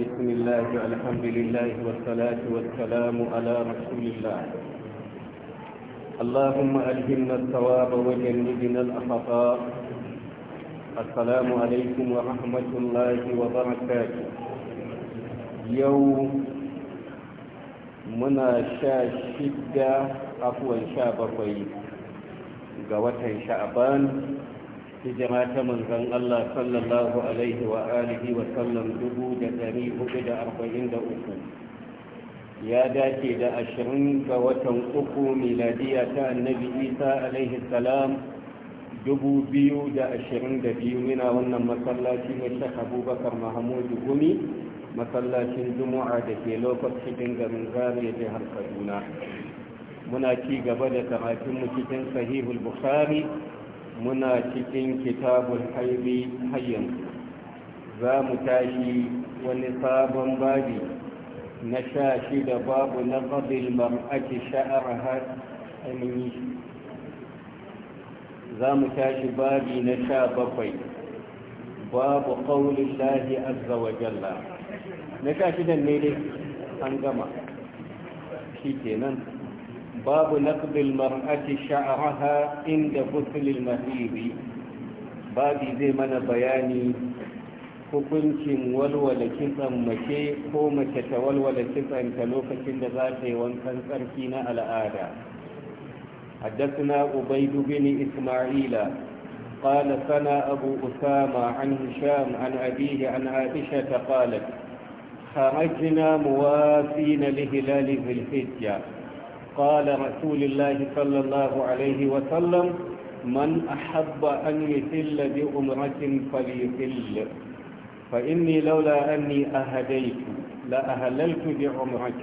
بسم الله والحمد لله والصلاة والسلام على رسول الله اللهم ألهمنا الثواب وجنبنا الأخطاء السلام عليكم ورحمة الله وبركاته يوم منا شاشدة عفوا شابقين ga watan sha'aban hijira ta manzon Allah sallallahu alaihi wa alihi wa sallam dubu da dari hudu da arba'in da uku ya dace da ashirin ga watan uku miladiya ta annabi isa alaihi salam dubu biyu da ashirin da biyu yana wannan masallaci na shek abubakar mahamudu gumi masallacin juma'a da ke lokacin garin zariya jihar kaduna muna ci gaba da karatunmu cikin sahihul bukhari muna cikin kitabun haibi hayyan za mu tashi wani sabon babi na sha shi da babu na ƙabil mar'aki sha'ar har amini za mu tashi babi na sha bakwai babu ƙaunin lahi azza wa jalla na sha shidan ne dai an gama shi kenan باب نقد المرأة شعرها عند غسل المهيب بابي زي من بياني hukuncin walwala kitsan mace ko mace ta walwala kitsan ta lokacin da za ta yi wankan tsarki na al'ada haddasa ubaidu bin ismaila qala sana abu usama an hisham an abihi an aisha ta qalat kharajna muwafina li hilali fil hijja قال رسول الله صلى الله عليه وسلم من أحب أن يثل بأمرة فليثل فإني لولا أني أهديت لأهللت بعمرة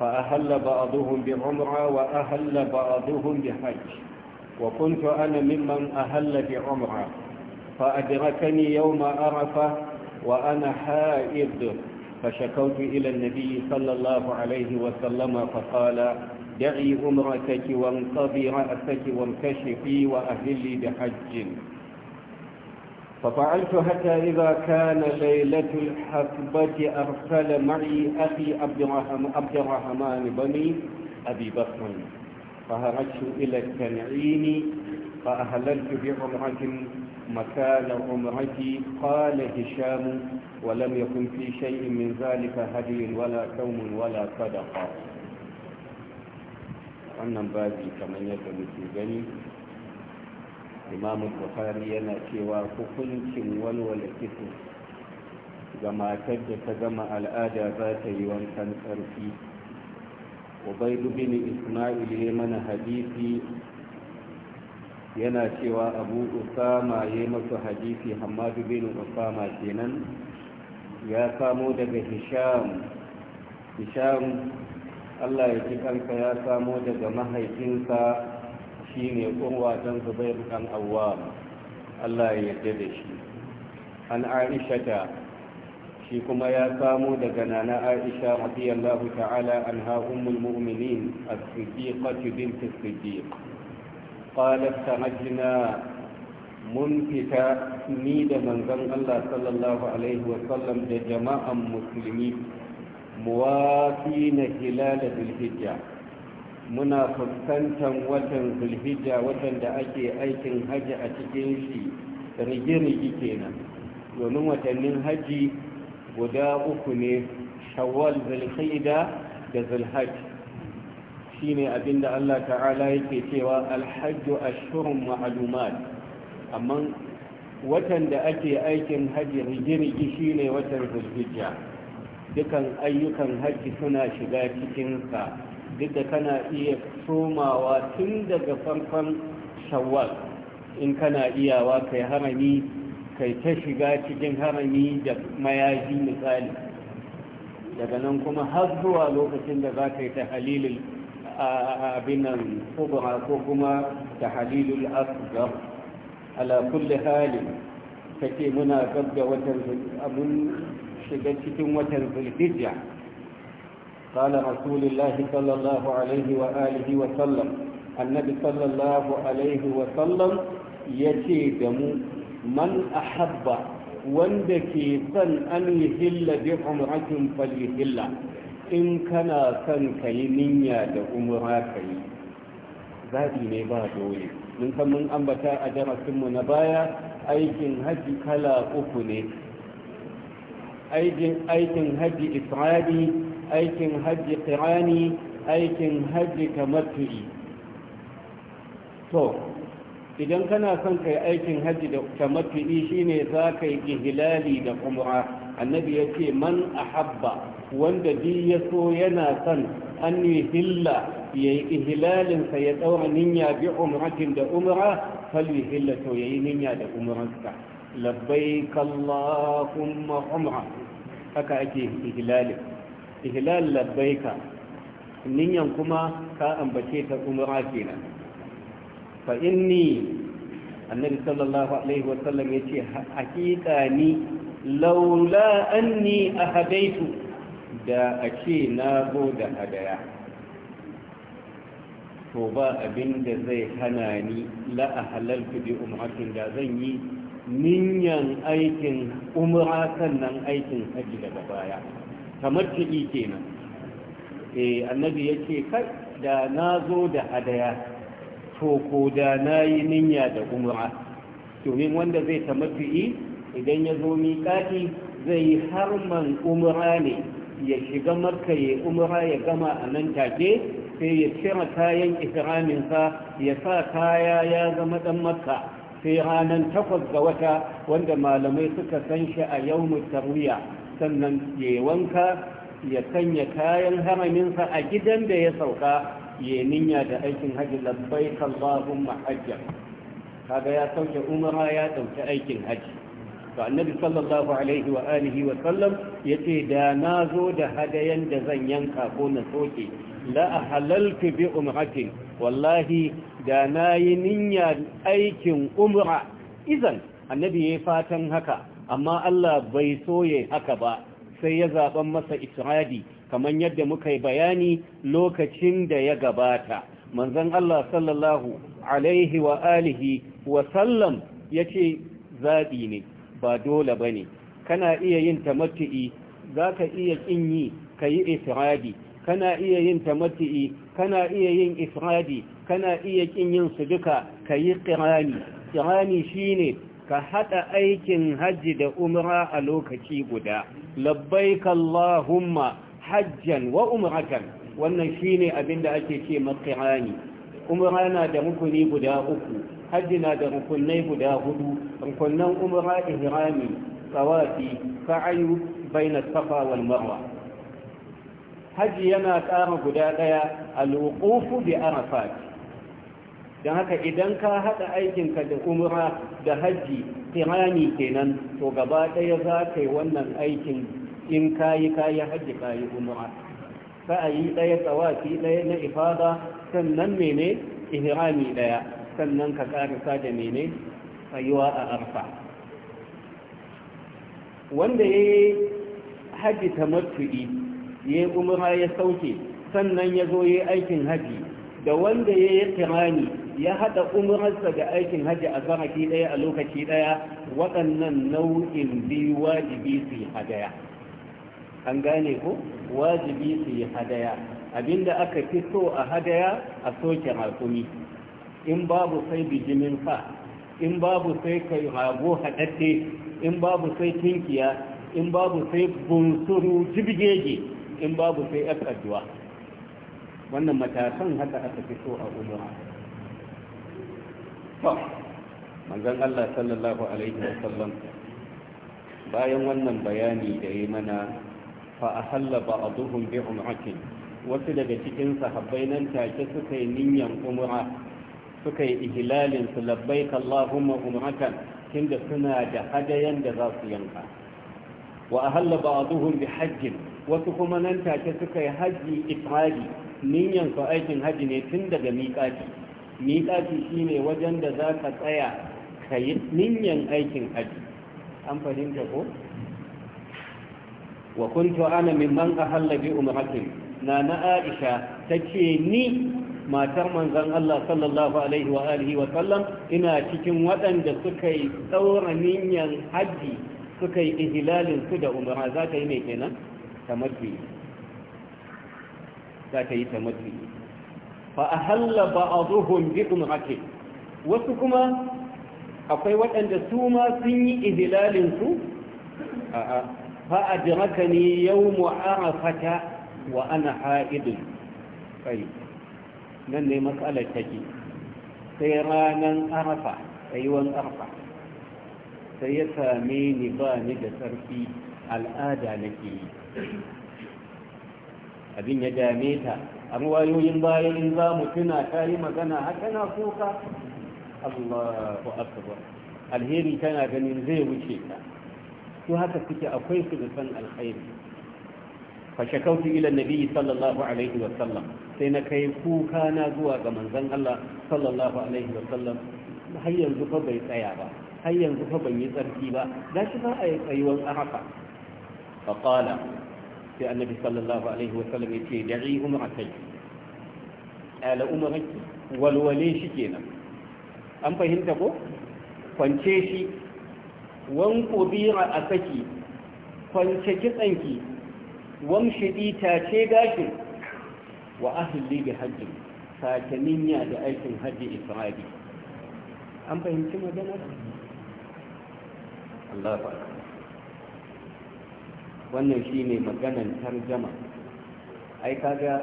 فأهل بعضهم بعمرة وأهل بعضهم بحج وكنت أنا ممن أهل بعمرة فأدركني يوم عرفة وأنا حائض فشكوت إلى النبي صلى الله عليه وسلم فقال دعي أمرتك وانقضي رأسك وانكشفي وأهلي بحج ففعلت حتى إذا كان ليلة الحسبة أرسل معي أخي عبد الرحمن بني أبي بكر فهرجت إلى التنعيم فأهللت بعمرة مكان عمرك قال هشام ولم يكن في شيء من ذلك هدي ولا كوم ولا صدقة wannan babi kamar yadda muke gani imam Buhari yana cewa hukuncin walwala kitso ga matar da ta gama al'ada za ta yi wankan tsarki ubaidu bin isma'il ya mana hadisi yana cewa abu usama ya masu hadisi hamadu bin usama kenan ya samo daga hisham hisham allah ya ji kanka ya samo daga mahaifinsa shine kunwa don zubai rukan allah ya yarda da shi an aishata shi kuma ya samo daga nana aisha radiyallahu ta'ala an ummul mu'minin as bint as قالت تنجنا منفتا نيد من زن الله صلى الله عليه وسلم جماعة مسلمين موافين هلال بالهجة منا فستنتا وطن بالهجة وطن دا أكي أيكن هجة أتكينشي رجيري كينا ومن وطن من هجي ودا أكني شوال بالخيدة دا ذلهجة shine abinda Allah ta'ala yake cewa alhajju ashhurun ma'lumat amma watan da ake aikin hajji rigirgi shine watan zulhijja dukan ayyukan hajji suna shiga cikinsa. duk da kana iya somawa tun daga farkon shawwal in kana iyawa kai harami kai ta shiga cikin harami da mayaji misali daga nan kuma har zuwa lokacin da za ka yi ta halilin abinan kubra ko kuma ta halilul asgar ala kulli halin take muna gab da watan abun shiga cikin watan zulhijja قال رسول الله صلى الله عليه وآله وسلم النبي صلى الله عليه وسلم يتيدم من أحب وندكي صن أن يهل بعمرة فليهل in kana son ka yi niyya da umra ka yi zaɓi ne ba dole mun san mun ambata a darasinmu na baya aikin haji kala uku ne aikin haji isra'i aikin haji kirani aikin haji tamattu'i to idan kana son kai aikin haji da tamattu'i shine za ka yi ihilali da umra annabi ya ce man ahabba wanda bi ya so yana son an yi hilla ya yi ihilalinsa ya ɗaura ninya bi umratin da umra falwi hilla to ya yi ninya da umransa labbai kallahumma umra haka ake ihilalin, ihilal labbai ka. ninyan kuma ka ambace ta umra kenan fa inni annabi sallallahu alaihi wasallam ya ce hakika ni laula anni ahadaitu da a ce na zo da hadaya to ba abin da zai hana ni la'a halal da zan yi niyan aikin umra sannan aikin haji daga baya kamar ciki kenan eh annabi ce kai da na zo da hadaya to ko da na yi niyya da umra domin wanda zai fi'i idan ya zo miƙaƙi zai yi harman umra ne ya shiga marka ya umara ya gama a nan take sai ya cire kayan ikiraminsa ya sa kaya ya zama dan makka sai ranar takwas ga wata wanda malamai suka san shi a yau tarwiya sannan ya wanka ya sanya kayan haraminsa a gidan da ya sauka ya ninya da aikin hajji labbai kallahun mahajjar kaga ya sauke umara ya ɗauki aikin hajji to annabi sallallahu alaihi wa alihi wa sallam yace da nazo zo da hadayan da zan yanka ko na soke la ahalaltu bi umratin wallahi da na yi niyyar aikin umra idan annabi yayi fatan haka amma Allah bai soye haka ba sai ya zaban masa isradi kamar yadda muka yi bayani lokacin da ya gabata manzon Allah sallallahu alaihi wa alihi wa sallam yace zabi ne ba dole ba ne kana iya yin tamattu'i za ka iya ƙin yi ka yi ifradi kana iya yin tamattu'i kana iya yin ifradi kana iya ƙin yin su duka ka yi ƙirani ƙirani shi ne ka haɗa aikin hajji da umra a lokaci guda labbaik Allahumma hajjan wa umratan wannan shine abin da ake ce maƙirani umra na da rukuni guda uku hajji na da rukunai guda hudu rukunan umra ihrami tsawafi sa'ayu baina safa wal marwa hajji yana ƙara guda ɗaya al-wuqufu bi arafat dan haka idan ka haɗa ka da umra da hajji tirani kenan to gaba ɗaya za ka yi wannan aikin in ka yi kayi hajji ka yi umra sa'ayi ɗaya tsawafi ɗaya na ifada sannan mene ihrami ɗaya sannan ka karisa da mene tsayuwa a arfa wanda ya yi haji matuɗi, ya yi umara ya sauke sannan ya zo ya aikin haji da wanda ya yi kirani ya haɗa umararsa da aikin haji a zarafi ɗaya a lokaci ɗaya waɗannan nau'in biyu wajibi su yi hadaya an gane ku, wajibi su yi hadaya abinda aka fi so a hadaya a soke rakumi in babu sai bijimin fa in babu sai kai rago haɗaɗɗe in babu sai tinkiya in babu sai bunsuru jibgege in babu sai yar wannan matakan haka aka fito a umura to manzon Allah sallallahu alaihi wasallam bayan wannan bayani da ya mana fa ahalla ba'dhum bi umratin wasu daga cikin sahabbai nan take suka yi niyyar umra suka yi ihilalin su labbaik Allahumma umratan tunda suna da hadayan da za su yanka wa a ba'dhum bi hajjin wasu kuma nan take suka yi hajji ifradi niyan su aikin hajji ne tun daga miƙati shi shine wajen da za ka tsaya ka yi niyan aikin haji an fahimta ko wa kuntu ana mimman ahalla bi umratin na na Aisha ce ni matar manzan Allah sallallahu alaihi wa alihi wa sallam ina cikin waɗanda suka yi tsaura niyyar haji suka yi ihilalin su da umara za ta yi mai kenan tamattu za ta yi tamattu fa a ba'dhum bi umrati wasu kuma akwai waɗanda su ma sun yi ihilalin su a'a fa adrakani yawm arafata wa ana haidun kai nan ne matsalar take sai ranar arfa tsayuwan arfa sai ya same ni ba ni da tsarki al'ada nake yi abin ya dame ta an wayoyin bayan in za mu tuna ta yi magana har tana kuka allahu akbar alheri tana ganin zai wuce ta to haka suke akwai su da san alheri? fashakautu ila nabi sallallahu alaihi wa sallam sai na kai kuka na zuwa ga manzon Allah sallallahu alaihi wa sallam har yanzu fa bai tsaya ba har yanzu fa ban yi tsarki ba gashi ba a yi tsayuwan haka fa qala sai annabi sallallahu alaihi wa sallam yace da'i kai. ala umraki walwale shi kenan an fahimta ko kwance shi wanko bira a saki kwance kitsanki wamshidi tace gashin wa ahli da hajji sake ninya da aikin hajji ifradi an fahimci magana Allah ba wannan shine maganan tarjama ai kaga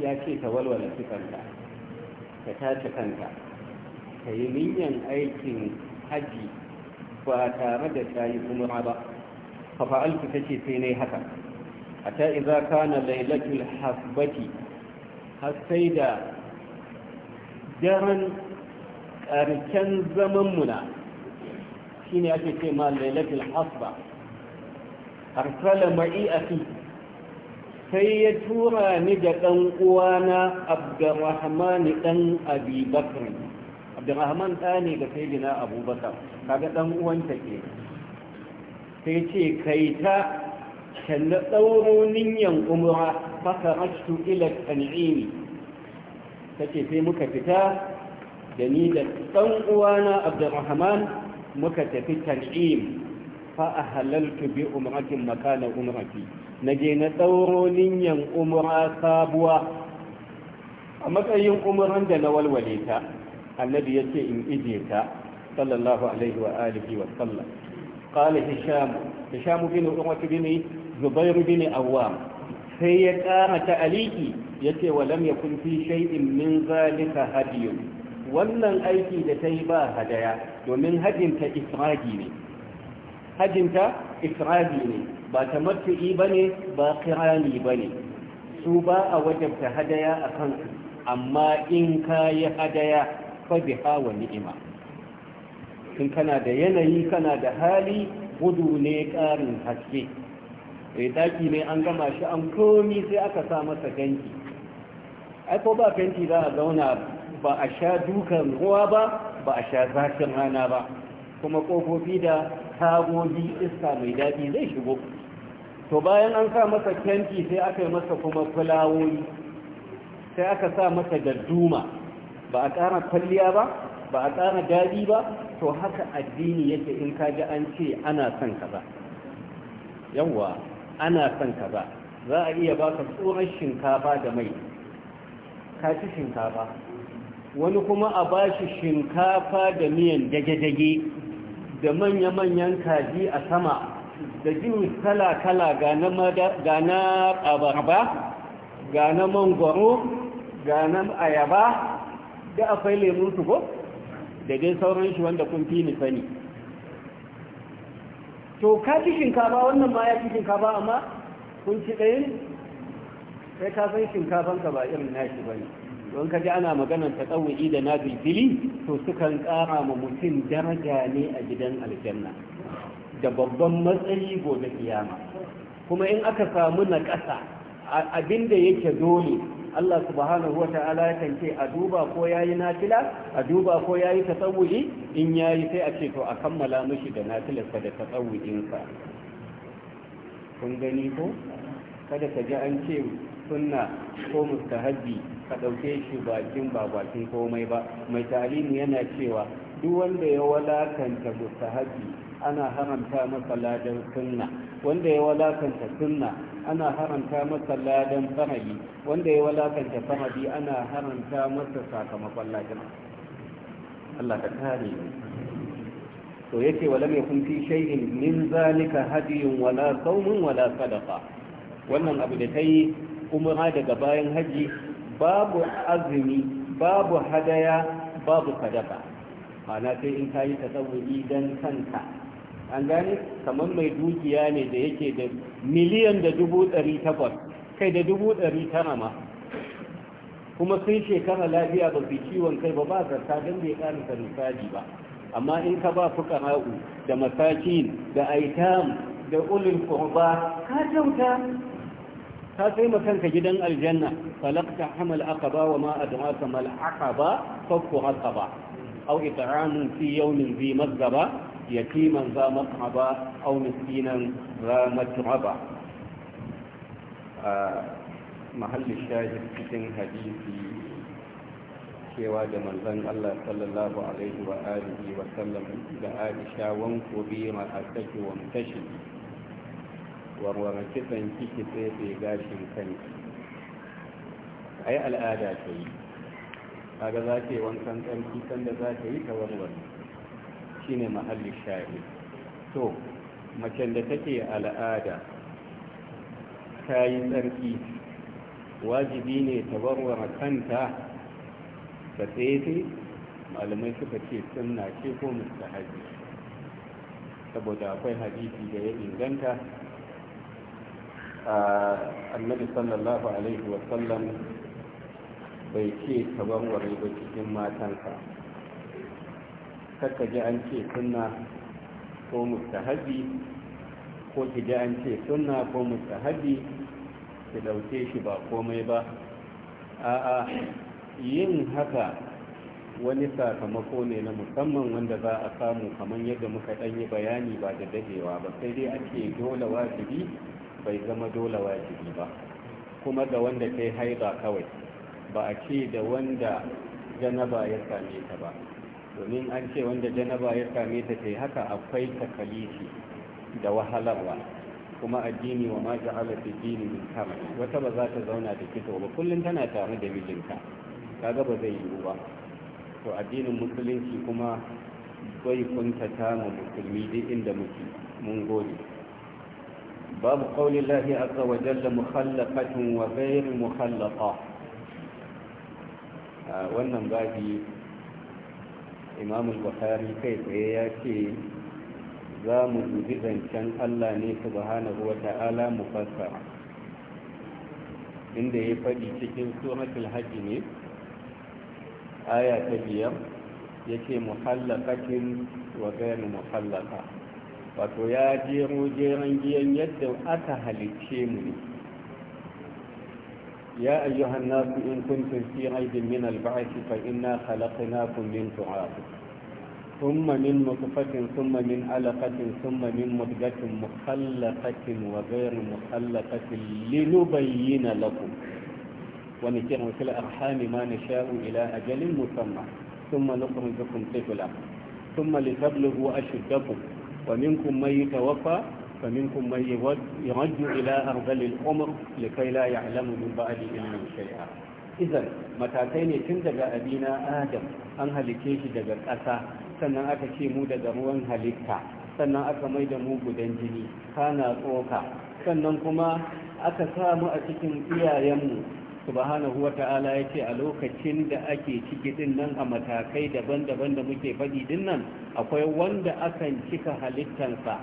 ya ce ta walwala sifarka ta tace kanta. ka yi niyan aikin hajji ba tare da tayi yi umra ba fa fa'altu ce sai nayi haka hatta iza kana lailatul hasbati har sai da daren ƙarshen zaman Muna. shine ake ce ma lailatul hasba arsala ma'i'ati sai ya tura ni da ɗan uwana abdurrahman ɗan abi abdurrahman ne ga sayyidina abubakar kaga ɗan uwanta ke sai ce kai ta كان ثوروني يمرا فخرجت الى التنعيم تجي في مكه مكتبه جنيده ثم وانا عبد الرحمن مكه في التنعيم فاهللت بعمره مكان عمره نجينا ثوروني يمرا صابوا اما كان عمره عند الولوليتا الذي يتي ان اجيتا صلى الله عليه واله وسلم قال هشام هشام بن عمره بن zubairu bin awwam sai ya ƙara ta'aliki ya ce wa lam yakun fi shay'in min zalika hadiyun wannan aiki da ta yi ba hadaya domin hajjinta isragi ne isragi ne ba ta matu'i ba ne ba kirani ba ne su ba a wajabta hadaya a kansu amma in ka yi hadaya bi hawa ni'ima in kana da yanayi kana da hali gudu ne ƙarin haske eh daki ne an gama shi an komi sai aka sa masa ganki ai ko ba fenti za a zauna ba a sha dukan ruwa ba ba a sha zafin rana ba kuma kofofi da tagogi iska mai daɗi zai shigo to bayan an sa masa fenti sai aka yi masa kuma fulawoyi sai aka sa masa darduma ba a ƙara kwalliya ba ba a ƙara daɗi ba to haka addini yake in kaji an ce ana son kaza yawwa ana son kaza za a iya baka tsoron shinkafa da mai ka ci shinkafa wani kuma a ba shi shinkafa da miyan dage-dage da manya-manyan kaji a sama da jini kala-kala ga na abarba ga na mangoro ga na ayaba da akwai lemun tugo da dai sauran shi wanda kun fi ni sani to ka ci shinkafa wannan ma ya fi shinkafa amma kun ci ɗayin sai ka san shinkafanka ka ba irin nashi bane don ka ji ana maganar ta tsawuyi da na fili, to sukan ƙara ma mutum daraja ne a gidan aljanna da babban matsayi gobe kiyama kuma in aka samu na ƙasa abinda yake dole Allah subhanahu wa ta'ala ya a duba ko yayi nafila a duba ko yayi tasawu'i in yayi sai a ce to a kammala mishi da sa da tasawu'in sa kun gani ko kada ka ji an ce sunna ko mustahabbi ka dauke shi bakin ba bakin komai ba mai talimi yana cewa duk wanda ya walakanta mustahabbi ana haramta masa ladan sunna wanda ya walakanta sunna ana haranta masa ladan fahadi wanda ya walakanta fahadi ana haranta masa sakamakon ladan Allah ka kare to yake wala mai kun fi shay'in min zalika hadiyun wala sawmun wala sadaqa wannan abu da kai umra daga bayan haji babu azumi babu hadaya babu sadaka ana sai in kayi tasawuri dan kanka an gane kamar mai dukiya ne da yake da miliyan da dubu ɗari takwas kai da dubu ɗari tara ma kuma sun shekara lafiya ba su ciwon kai ba ba zarta don bai karanta misali ba amma in ka ba fuka ha'u da masakin da aitam da ulul qurba ka kyauta ka sai kanka gidan aljanna falakta hamal aqaba wa ma adraka mal aqaba fakku aqaba aw it'amun fi yawmin zi mazgaba za ذا مقعبة أو مسكينا ذا متعبة محل الشاهد cikin hadisi cewa da manzon Allah sallallahu alaihi wa alihi wa sallam da Aisha wan kobi ma asaki wa mutashi warware kisan kiki sai tsefe gashin kanki ai al'ada ta yi kaga za ta yi wankan kanki sanda za yi ta warware shine mahallin shahi to macen da take al'ada ta yi tsarki wajibi ne ta kanta ta tsaye malamai suka ce sunna ce ko mustahabi saboda akwai hadisi da ya inganta annabi sallallahu alaihi wasallam bai ce ta ba cikin matanka ka ji an ce suna ko mustahabi ko ki ji an ce sunna ko mustahabi ki dauke shi ba komai ba a'a yin haka wani sakamako ne na musamman wanda za a samu kamar yadda muka ɗan yi bayani ba da dadewa ba sai dai ake dole wajibi bai zama dole wajibi ba kuma ga wanda ta yi kawai ba a ce da wanda janaba ya same ta ba domin an ce wanda janaba ya same ta ce haka akwai takalifi da wahalarwa kuma addini wa ma ala fi jini min kama wata ba za ta zauna da kito ba kullum tana tare da mijinta kaga ba zai yiwu ba to addinin musulunci kuma bai ta mu musulmi duk inda muke mun gode babu qaulin lahi a wa jalla muhallakatun wa bayan muhallafa. Ah, wannan babi imam bukhari kai tsaye ya ce za mu dubi zancen allah ne subhanahu wa ta'ala mu fassara inda ya faɗi cikin suratul hajji ne aya ta biyar ya ce muhallakatin wa gani muhallaka wato ya jero jeren giyan yadda aka halicce mu ne يا أيها الناس إن كنتم في ريب من البعث فإنا خلقناكم من تعاب ثم من نطفة ثم من علقة ثم من مدقة مخلقة وغير مخلقة لنبين لكم ونكره في الأرحام ما نشاء إلى أجل مسمى ثم نخرجكم طفلا ثم لتبلغوا أشدكم ومنكم من يتوفى فمنكم من يرد إلى أرذل العمر لكي لا يعلم من بعد علم شيئا إذا متاتين تندق أبينا آدم أن هلكيش دقى الأسى سنة أكشي مودة دروان هلكتا سنة أكمي دمو بدنجني كان أطوكا سنة كما أكسام أتكم إيا يمو subhanahu wata'ala ya ce a lokacin da ake ciki din nan a matakai daban-daban da muke faɗi din nan akwai wanda akan cika halittansa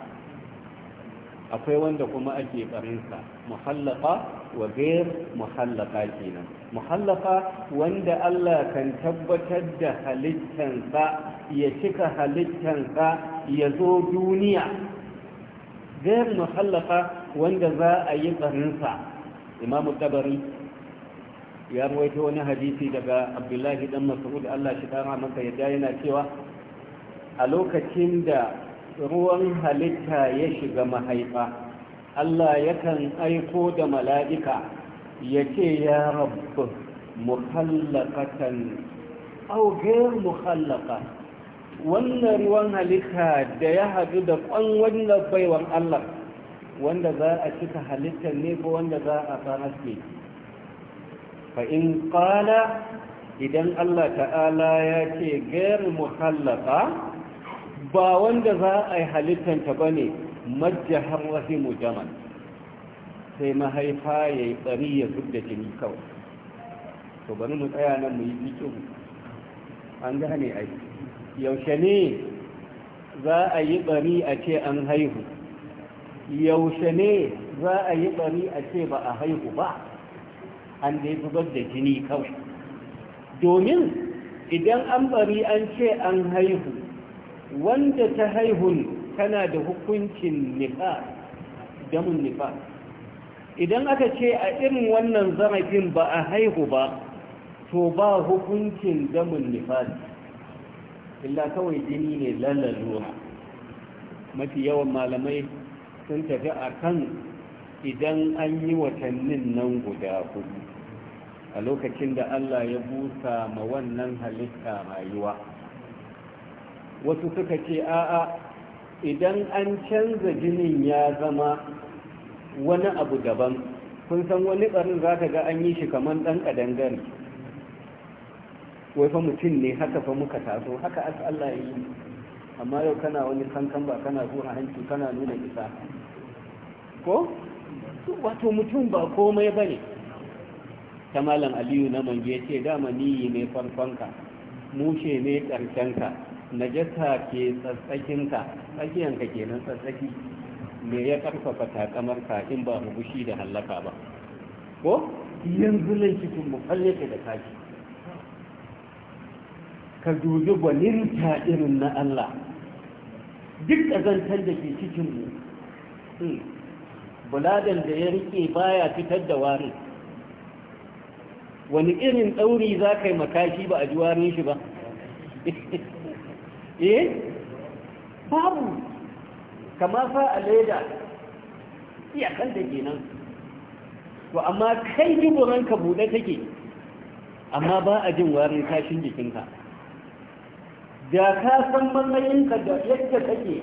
akwai wanda kuma ake farinsa. muhallaka wa gair muhallaka kenan muhallaka wanda Allah kan tabbatar da halittansa ya cika halittansa ya zo duniya gair muhallaka wanda za a yi barinsa imamu tabari ya ruwaito wani hadisi daga abdullahi dan mas'ud Allah shi kara masa yadda yana cewa a lokacin da ruwan halitta ya shiga mahaifa Allah yakan aiko da mala'ika ya ce ya rabu muhallakatan auger muhallaka wannan ruwan halitta da ya haɗu da ƙwan wannan baiwan Allah wanda za a cika halittar ne ko wanda za a sanar ne fa'in ƙala idan Allah ta'ala ya ce ger muhallaka ba wanda za a yi halittanta ba ne majjahar rahimu jaman sai mahaifa ya yi tsari ya zub da jini kawai to bari mu tsaya nan mu yi fikin an gane ai yaushe ne za a yi tsari a ce an haihu yaushe ne za a yi tsari a ce ba a haihu ba an dai zubar da jini kawai domin idan an bari an ce an haihu wanda ta haihun tana da hukuncin nifa damun nifa idan aka ce a irin wannan zarafin ba a haihu ba to ba hukuncin damun nifa illa kawai jini ne lalaluwa mafi yawan malamai sun tafi a kan idan an yi watannin nan guda hudu a lokacin da allah ya busa ma wannan halitta rayuwa wasu suka ce a'a idan an canza jinin ya zama wani abu daban kun san wani barin za ka ga an yi shi kamar ɗan ƙadangare wai fa mutum ne haka fa muka taso haka as Allah ya yi amma yau kana wani kankan ba kana zuwa hanci kana nuna isa ko wato mutum ba komai ba ne ta malam aliyu na mange ce dama niyi ne farkonka mushe ne ƙarshenka najasa ke tsatsakinka tsakiyanka kenan tsatsaki me ya karfafa takamarka in ba mu gushi da hallaka ba ko yanzu nan cikin mu fallake da kaji ka dubi ta irin na Allah duk ƙazantar da ke cikin mu hmm. buladan da ya rike baya fitar da wani wani irin tsauri za ka yi makashi ba a ji warin shi ba eh babu kama fa a leda iyakan da ke nan, to amma kai ka buɗe take amma ba a jin warin kashin jikinka da ka san matsayinka da yadda take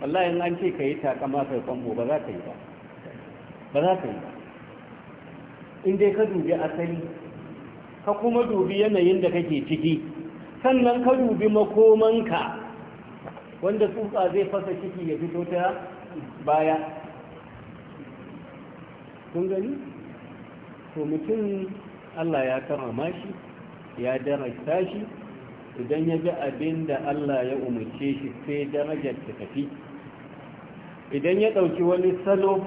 wallahi an ce ka yi takama kai kwambo ba za ka yi ba ba za ka yi ba in dai ka dubi asali ka kuma dubi yanayin da kake ciki sannan ka dubi makomanka wanda tsutsa zai fasa ciki ya fito ta baya kun gani to mutum Allah ya karama shi ya darasta shi idan ya ji abin da Allah ya umarce shi sai darajar ta tafi idan ya ɗauki wani salo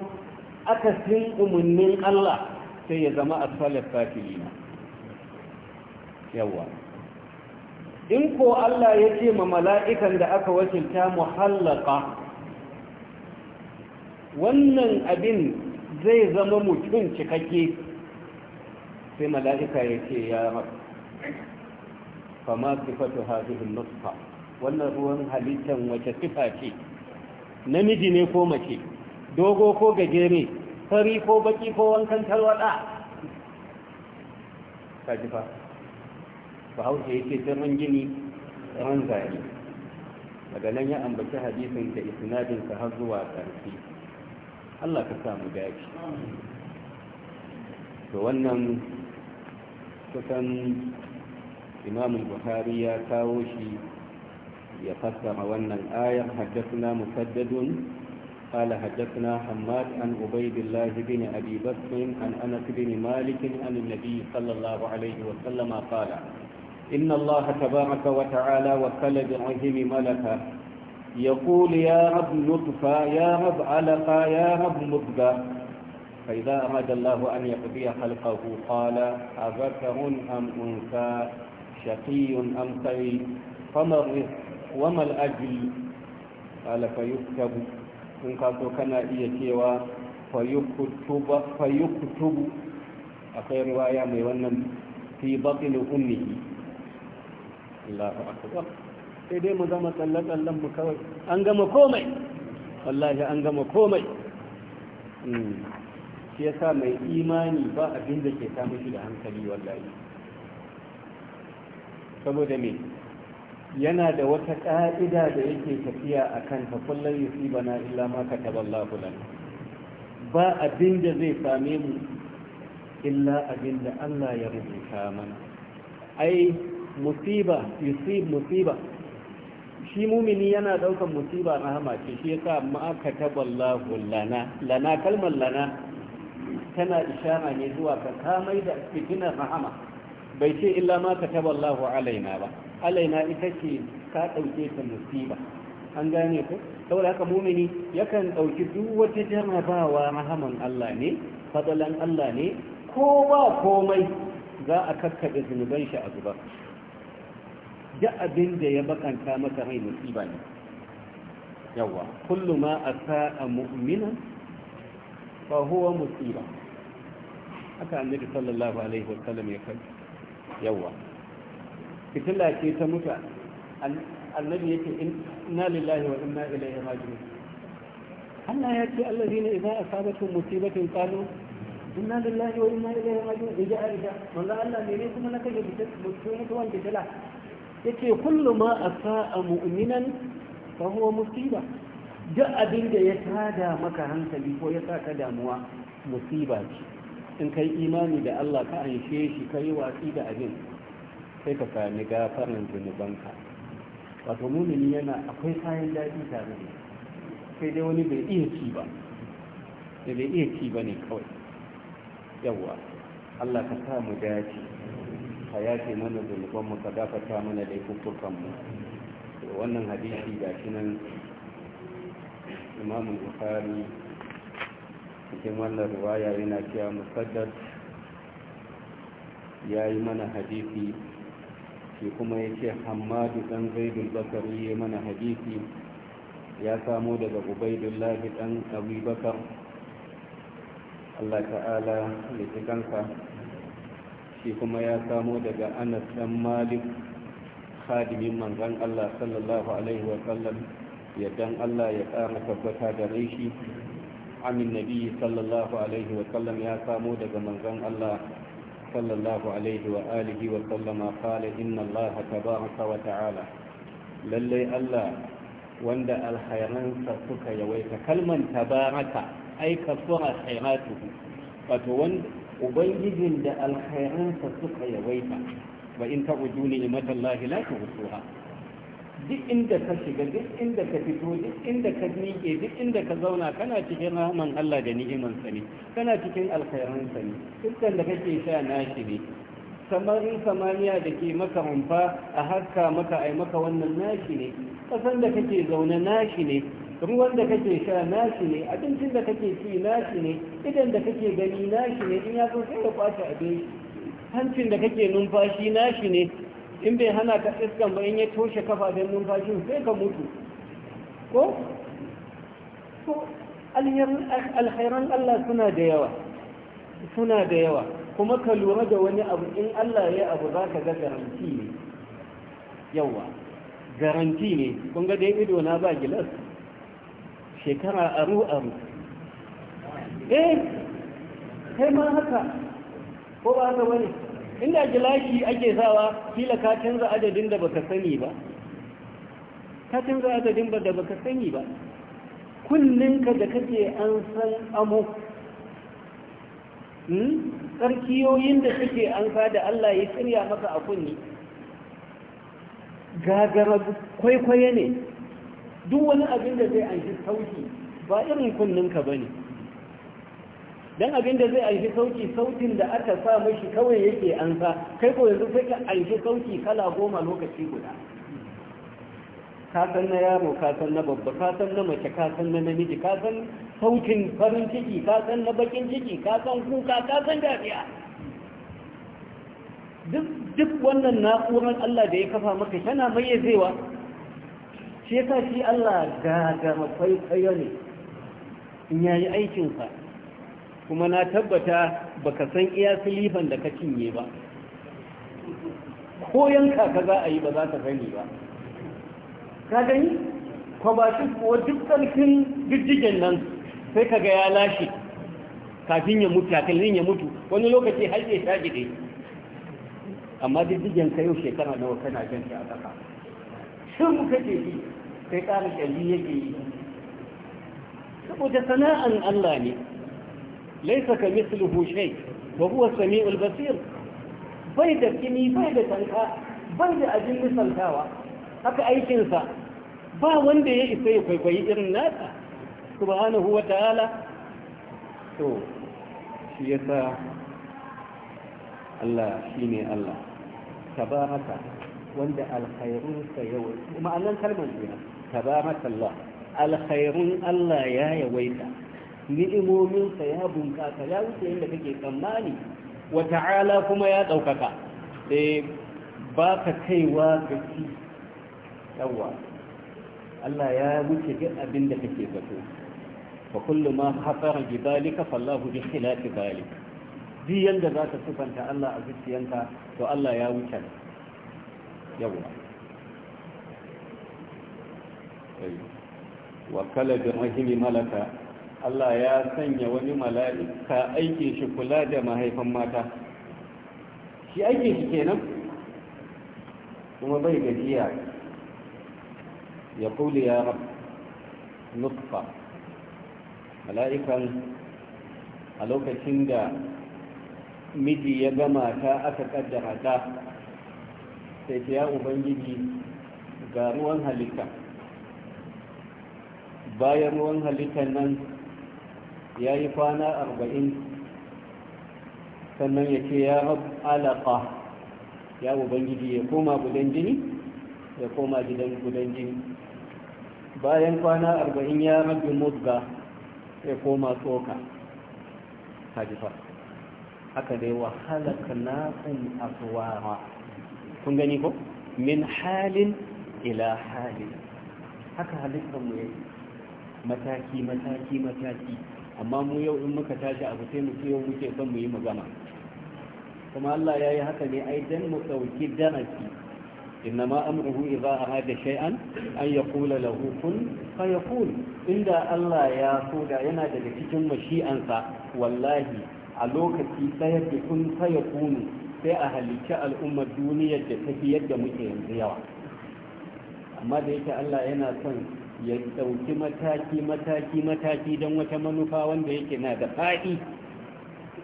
aka sin umarnin Allah sai ya zama asfalar fatilina yawa in ko Allah ya ce ma mala'ikan da aka wakilta muhallaka wannan abin zai zama mutum cikakke sai mala'ika ya ce ya maka fama sifatu hazihin nutfa wannan ruwan halittar wace sifa ce namiji ne ko mace dogo ko gajere fari ko baki ko wankan talwada ka ji fa bahaushe ya ce sirrin gini ran zari daga nan ya ambaci hadisin da isnadinsa har zuwa ƙarfi allah ka samu dace to wannan kusan imamun buhari ya kawo shi ya fassara wannan ayar haddasa musaddadun قال حدثنا حماد عن عبيد الله بن أبي بكر عن أنس بن مالك عن النبي صلى الله عليه وسلم قال إن الله تبارك وتعالى وكل بعظم ملكا يقول يا رب نطفة يا رب علقى يا رب مضغة فإذا أراد الله أن يقضي خلقه قال أذكر أم أنثى شقي أم قوي فما الرزق وما الأجل قال فيكتب إن كنت كان إيتيوا فيكتب فيكتب أخير رواية في بطن أمه Allahu akbar sai dai mu zama mu kawai an gama komai wallahi an gama komai hmm. shi yasa mai imani ba abin da ke samu shi da hankali wallahi saboda me yana da wata ƙa'ida da yake tafiya a kan ta kullum yusiba na illa ma ka taballahu lana ba abin da zai same mu illa abin da Allah ya rubuta mana ai musiba yusib musiba shi mumini yana daukan musiba rahama ce shi yasa ma kataballahu lana lana kalmar lana tana ishara ne zuwa ka kamai da fitinar rahama bai ce illa ma kataballahu alaina ba alaina ita ce ka dauke ta musiba an gane ku saboda haka mumini yakan dauki duk wata jarabawa rahaman Allah ne fadalan Allah ne kowa komai za a kakkaɓe zunuban shi a zuba duk abin da ya bakanta masa rai musiba ne yawa kullu ma asaa mu'mina fa huwa musiba haka annabi sallallahu alaihi wa wasallam ya kai. yawa fitila ce ta mutu annabi yake inna lillahi wa inna ilaihi raji'un Allah ya ce Allah allazina idza asabatuhum musibatun qalu inna lillahi wa inna ilaihi raji'un ija ija manzo Allah ne kuma na kaje mutuwan fitila yake kullu ma asaa mu'minan fa huwa musiba duk abin da ya tada maka hankali ko ya saka damuwa musiba ce in kai imani da Allah ka anshe shi ka yi watsi da abin sai ka sami gafarin zunubanka wato mumini yana akwai kayan daɗi tare da sai dai wani bai iya ci ba Sai bai iya ci ba ne kawai yawwa Allah ka sa mu dace ka yafe mana zunubanmu ka gafata mana laifukanmu wannan hadisi ga shi nan imamun bukari cikin wannan ruwaya yana cewa musaddad ya yi mana hadisi shi kuma ya ce hamadu ɗan Zaidun bakari ya mana hadisi ya samo daga ubaidullahi ɗan abubakar allah ta'ala ya da kanka. shi kuma ya samo daga anas dan malik khadimin manzon Allah sallallahu alaihi wa sallam ya yaddan Allah ya kara tabbata da rishi amin nabi sallallahu alaihi wa sallam ya samo daga manzon Allah sallallahu alaihi wa alihi wa sallama qala inna Allah tabaraka wa ta'ala lalle Allah wanda alkhairansa suka yawaita kalman tabaraka ai kafara khairatuhu wato wanda ubangijin da alkhairansa suka yawaita ba in ta uju ne matallahi la ta husuha duk inda ka shiga duk inda ka fito duk inda ka miƙe duk inda ka zauna kana cikin rahman Allah da ni'iman sa ne kana cikin alkhairan sa ne dukkan da kake sha nashi ne samarin samaniya da ke maka rumfa a haska maka ai maka wannan nashi ne kasan da kake zaune nashi ne ruwan da kake sha nashi ne abincin da kake ci nashi ne idan da kake gani nashi ne in ya zo sai ka kwace abin hancin da kake numfashi nashi ne in bai hana ka iskan ba in ya toshe kafafen numfashin sai ka mutu ko ko alhairan Allah suna da yawa suna da yawa kuma ka lura da wani abu in Allah ya abu za ka ga garanti ne yawa garanti ne kun ga dai ido na ba gilas shekara aru aru eh kai ma haka ko ba haka wani inda gilashi ake sawa kila ka canza adadin da baka sani ba ka canza adadin ba da baka sani ba kullinka da kake an san amo hmm? tsarkiyoyin da suke an sa da Allah ya shirya maka a kunni gagara kwaikwaye ne duk wani abin da zai aiki sauki ba irin kunninka ba ne don abin da zai aiki sauki sautin da aka sa mashi kawai yake sa kai ko yanzu sai ka aiki sauki kala goma lokaci guda kasan na yaro kasan na babba kasan na mace kasan na namiji kasan sautin farin ciki kasan na bakin ciki kasan kuka kasan dafiya duk wannan na'urar Allah da ya kafa maka tana mayyazewa shi yasa shi Allah ga gama kwaikwayo ne in yayi aikinsa kuma na tabbata baka san iya silifan da ka cinye ba ko yanka ka za a yi ba za ka gani ba ka gani kwabashi kuwa duk ƙarfin diddigen nan sai ka ga ya lashe kafin ya mutu takalmin ya mutu wani lokaci har ya shaji dai amma diddigen ka yau shekara nawa kana jan shi a ƙasa sun kake yi sai ƙara ƙyalli yake yi saboda sana'an Allah ne laisa ka misluhu shay wa huwa samiul basir bai da kini bai da tanka bai da ajin misaltawa haka aikinsa ba wanda ya isa ya kwaikwayi irin nasa subhanahu wa ta'ala to shi yasa Allah shine Allah tabaraka wanda alkhairunsa yawai ma'anan kalmar kenan kalla alkhairun Allah ya yawaita ni'imominsa ya bunƙasa ya wuce yadda kake tsammani wa ta'ala kuma ya ɗaukaka sai ba ka kaiwa ga ci yawa Allah ya wuce duk abin da kake zato fa kullu ma hafara bi fallahu bi khilafi zalik duk yanda zaka sifanta Allah a zuciyanka to Allah ya wuce yawa wakala da mahili malaka Allah ya sanya wani mala'ika aikin shi kula da mahaifan mata shi aikin shi kenan kuma bai gajiya ya kuli ya rab nutfa mala'ikan a lokacin da miji ya gama ta aka kaddara ta sai ta ya ubangiji ga ruwan halitta bayan ruwan halittar nan ya yi kwana arba'in sannan ya ce ya rab alaƙa ya ubangiji ya koma gudan jini ya koma gidan gudan jini bayan kwana arba'in ya rabbi musga ya koma tsoka hajjifa haka dai wa halaka na'un aswara kun gani ko min halin ila halin haka halittar mu yake mataki mataki mataki amma mu yau in muka tashi abu sai mu yau muke son mu yi mu gama kuma Allah ya yi haka ne ai dan mu ɗauki darasi innama amruhu idza arada shay'an an yaqula lahu kun fayakun inda Allah ya so da yana daga cikin mashi'ansa wallahi a lokaci ɗaya da kun fayakun sai a halicci al'ummar duniyar da tafi yadda muke yanzu yawa amma da yake Allah yana son ya ɗauki mataki mataki mataki don wata manufa wanda yake na da faɗi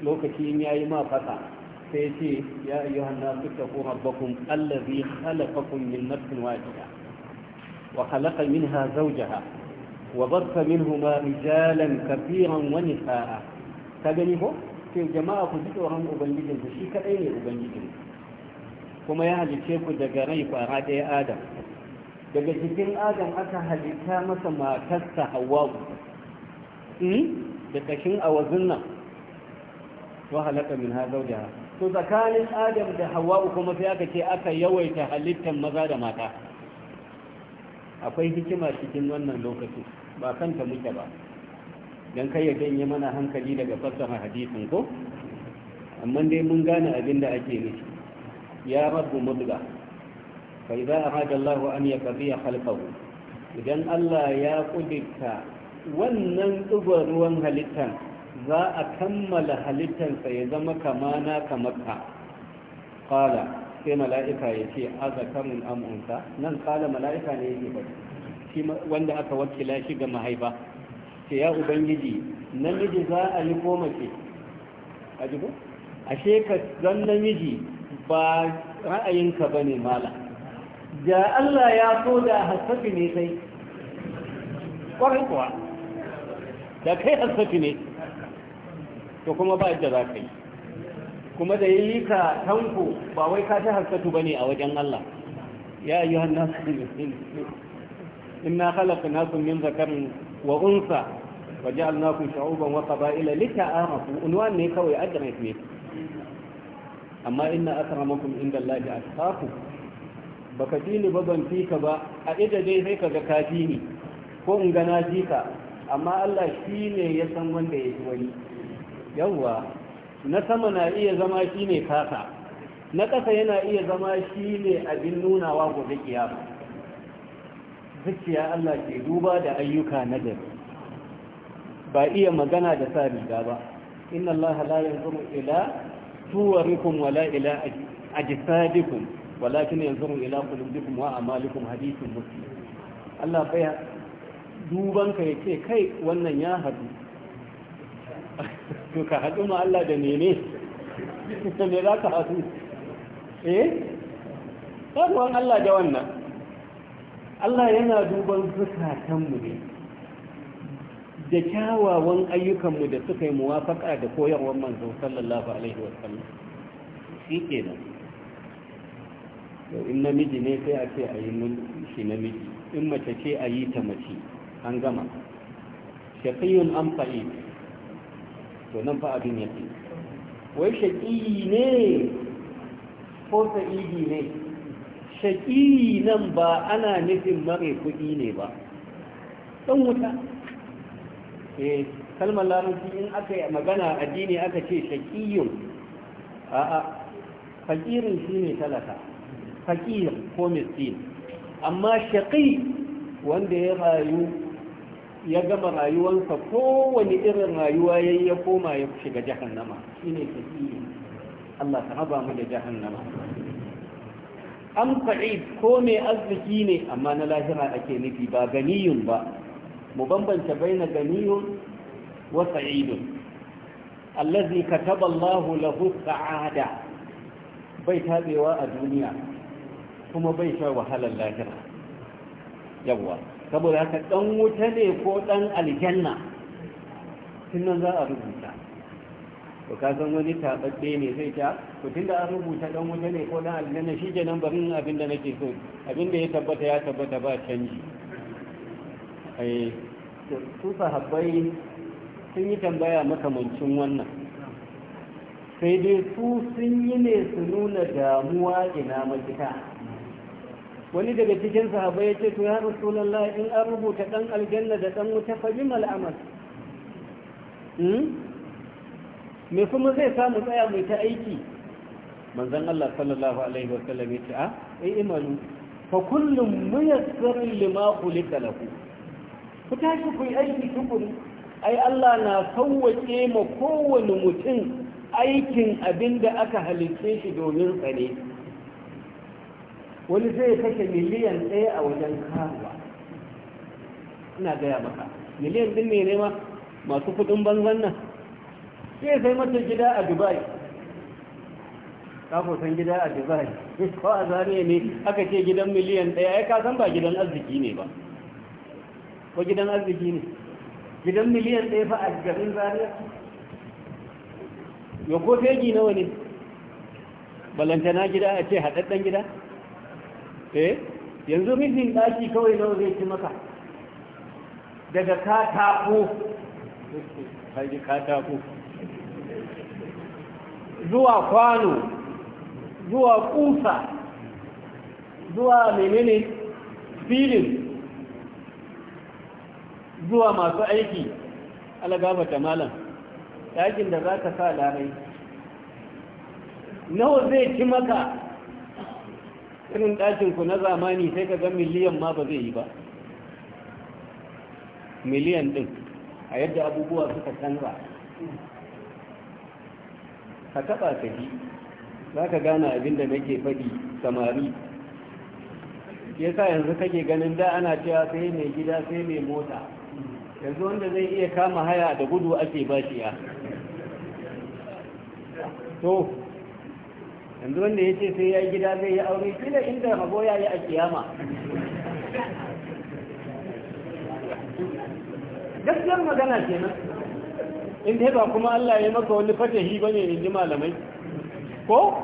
lokacin ya yi ma fasa sai ce ya ayyu hannu su tafi rabbakun allazi halakakun min nafsin wahida wa halaka zau zawjaha wa barka minhuma rijalan kafiran wani nisaa Ta gani ko sai jama'a ku ji tsoron ubangijin shi kadai ne ubangijin kuma ya halice ku daga rai fara ɗaya adam daga cikin adam aka halitta masa matarsa hawa hmm? da a awazin nan wa halaka min ha to tsakanin adam da hawa kuma sai aka ce aka yawaita halittar maza da mata akwai hikima cikin wannan lokacin ba kanta muke ba don kai ya ganye mana hankali daga fassara hadisin ko amma dai mun gane abin da ake nufi ya rabu mutla فإذا أراد الله أن يقضي خلقه إذن الله يا قدرت wannan ɗigon ruwan halittar, za a kammala halittansa ya zama kamana kamarka ƙala sai mala'ika ya ce a zakarin amunsa nan ƙala mala'ika ne yake ba shi wanda aka wakila shi ga mahaifa ce ya ubangiji namiji za a yi ko mace a jibo ashe ka zan namiji ba ra'ayinka ba ne mala da Allah ya so da hassafi ne sai ƙwarai kuwa da kai hassafi ne to kuma ba yadda za ka yi kuma da yi ka tanko ba wai ka ta hassatu ba ne a wajen Allah ya yi hannu inna halaka nasu min zakarin wa unsa wa ja'alnakum shu'uban wa qaba'ila lita'arafu unwan ne kawai address ne amma ina inna akramakum inda Allah atqakum baka fi ni ba ban ka ba a ida dai sai ka ga ka ni ko in ga na ka amma Allah shi ne ya san wanda ya ji wani yawwa na sama na iya zama shi ne kasa na ƙasa yana iya zama shi ne abin nunawa gobe kiyama zuciya Allah ke duba da ayyuka na gari ba iya magana da sa riga ba inna Allah la yanzuru ila tuwarikum wala ila ajsadikum walakin yanzuru ila qulubikum wa amalikum hadithun muslim Allah bai duban ka yace kai wannan ya hadu to ka hadu ma Allah da mene me za ka hadu eh karuwan Allah da wannan Allah yana duban mu ne da kyawawan ayyukanmu da suka yi muwafaka da koyarwar manzo sallallahu alaihi wasallam shi kenan da in namiji ne sai a ce a yi shi namiji in mace ce a yi ta mace an gama shaƙiyun an fa'i to nan fa abin yake wai shaƙiyi ne ko sa'idi ne shaƙiyi nan ba ana nufin mare kuɗi ne ba ɗan wuta e kalmar larabci in aka yi magana addini aka ce shaƙiyun a'a fakirin shi ne talaka fakir ko miskin amma shaƙi wanda ya rayu ya gama rayuwarsa kowane irin rayuwa ya ya koma ya shiga jahannama shine shaƙi Allah ta haba mu da jahannama an fa'id ko mai arziki ne amma na lahira ake nufi ba ganiyun ba mu bambanta baina ganiyun wa sa'idun allazi kataba lahu sa'ada bai tabewa a duniya kuma bai sha wahalar lahira yawwa saboda haka dan wuta ne ko dan aljanna nan za a rubuta to ka san wani tabadde ne zai ta to tunda an rubuta dan wuta ne ko dan aljanna shi nan barin abin da nake so abin da ya tabbata ya tabbata ba canji eh, to su sahabbai sun yi tambaya makamancin wannan sai dai su sun yi ne su nuna damuwa ina mafita wani daga cikin sahaba ya ce to ya rasulallah in an rubuta dan aljanna da dan wuta fa bi mal'amal hmm? me kuma zai samu tsaya mai ta aiki manzon Allah sallallahu alaihi wa sallam ya ce a ah, ai imanu fa kullum muyassarun lima khuliqa lahu ku tashi ku yi aiki tukun. ai Allah na sauwaƙe ma kowane mutum aikin abin da aka halicce shi domin tsare wani zai kashe miliyan ɗaya a wajen karuwa ina gaya maka miliyan ɗin ne nema masu kuɗin banzan nan sai sai mata gida a dubai kafin san gida a dubai ko a zane ne aka ce gidan miliyan ɗaya ya kasan ba gidan arziki ne ba ko gidan arziki ne gidan miliyan ɗaya fa a garin zariya ya ko fegi nawa ne balantana gida a ce haɗaɗɗen gida eh yanzu mijin ɗaki kawai nawa zai ci maka daga katako haji katako zuwa kwano zuwa kusa zuwa menene filin zuwa masu aiki alagabata malam ɗakin da za ka sa larai nawa zai ci maka irin ɗakinku na zamani sai ka ga miliyan ma ba zai yi ba miliyan ɗin a yadda abubuwa suka canza ka taɓa ka ji za ka gane abinda nake faɗi samari ya sa yanzu kake ganin da ana cewa sai mai gida sai mai mota yanzu wanda zai iya kama haya da gudu ake bashiya to yanzu wanda ya ce sai ya yi gida zai yi aure kila inda magoya ya yi a kiyama gaskiyar magana nan. in ya ba kuma Allah ya maka wani fata shi bane in ji malamai ko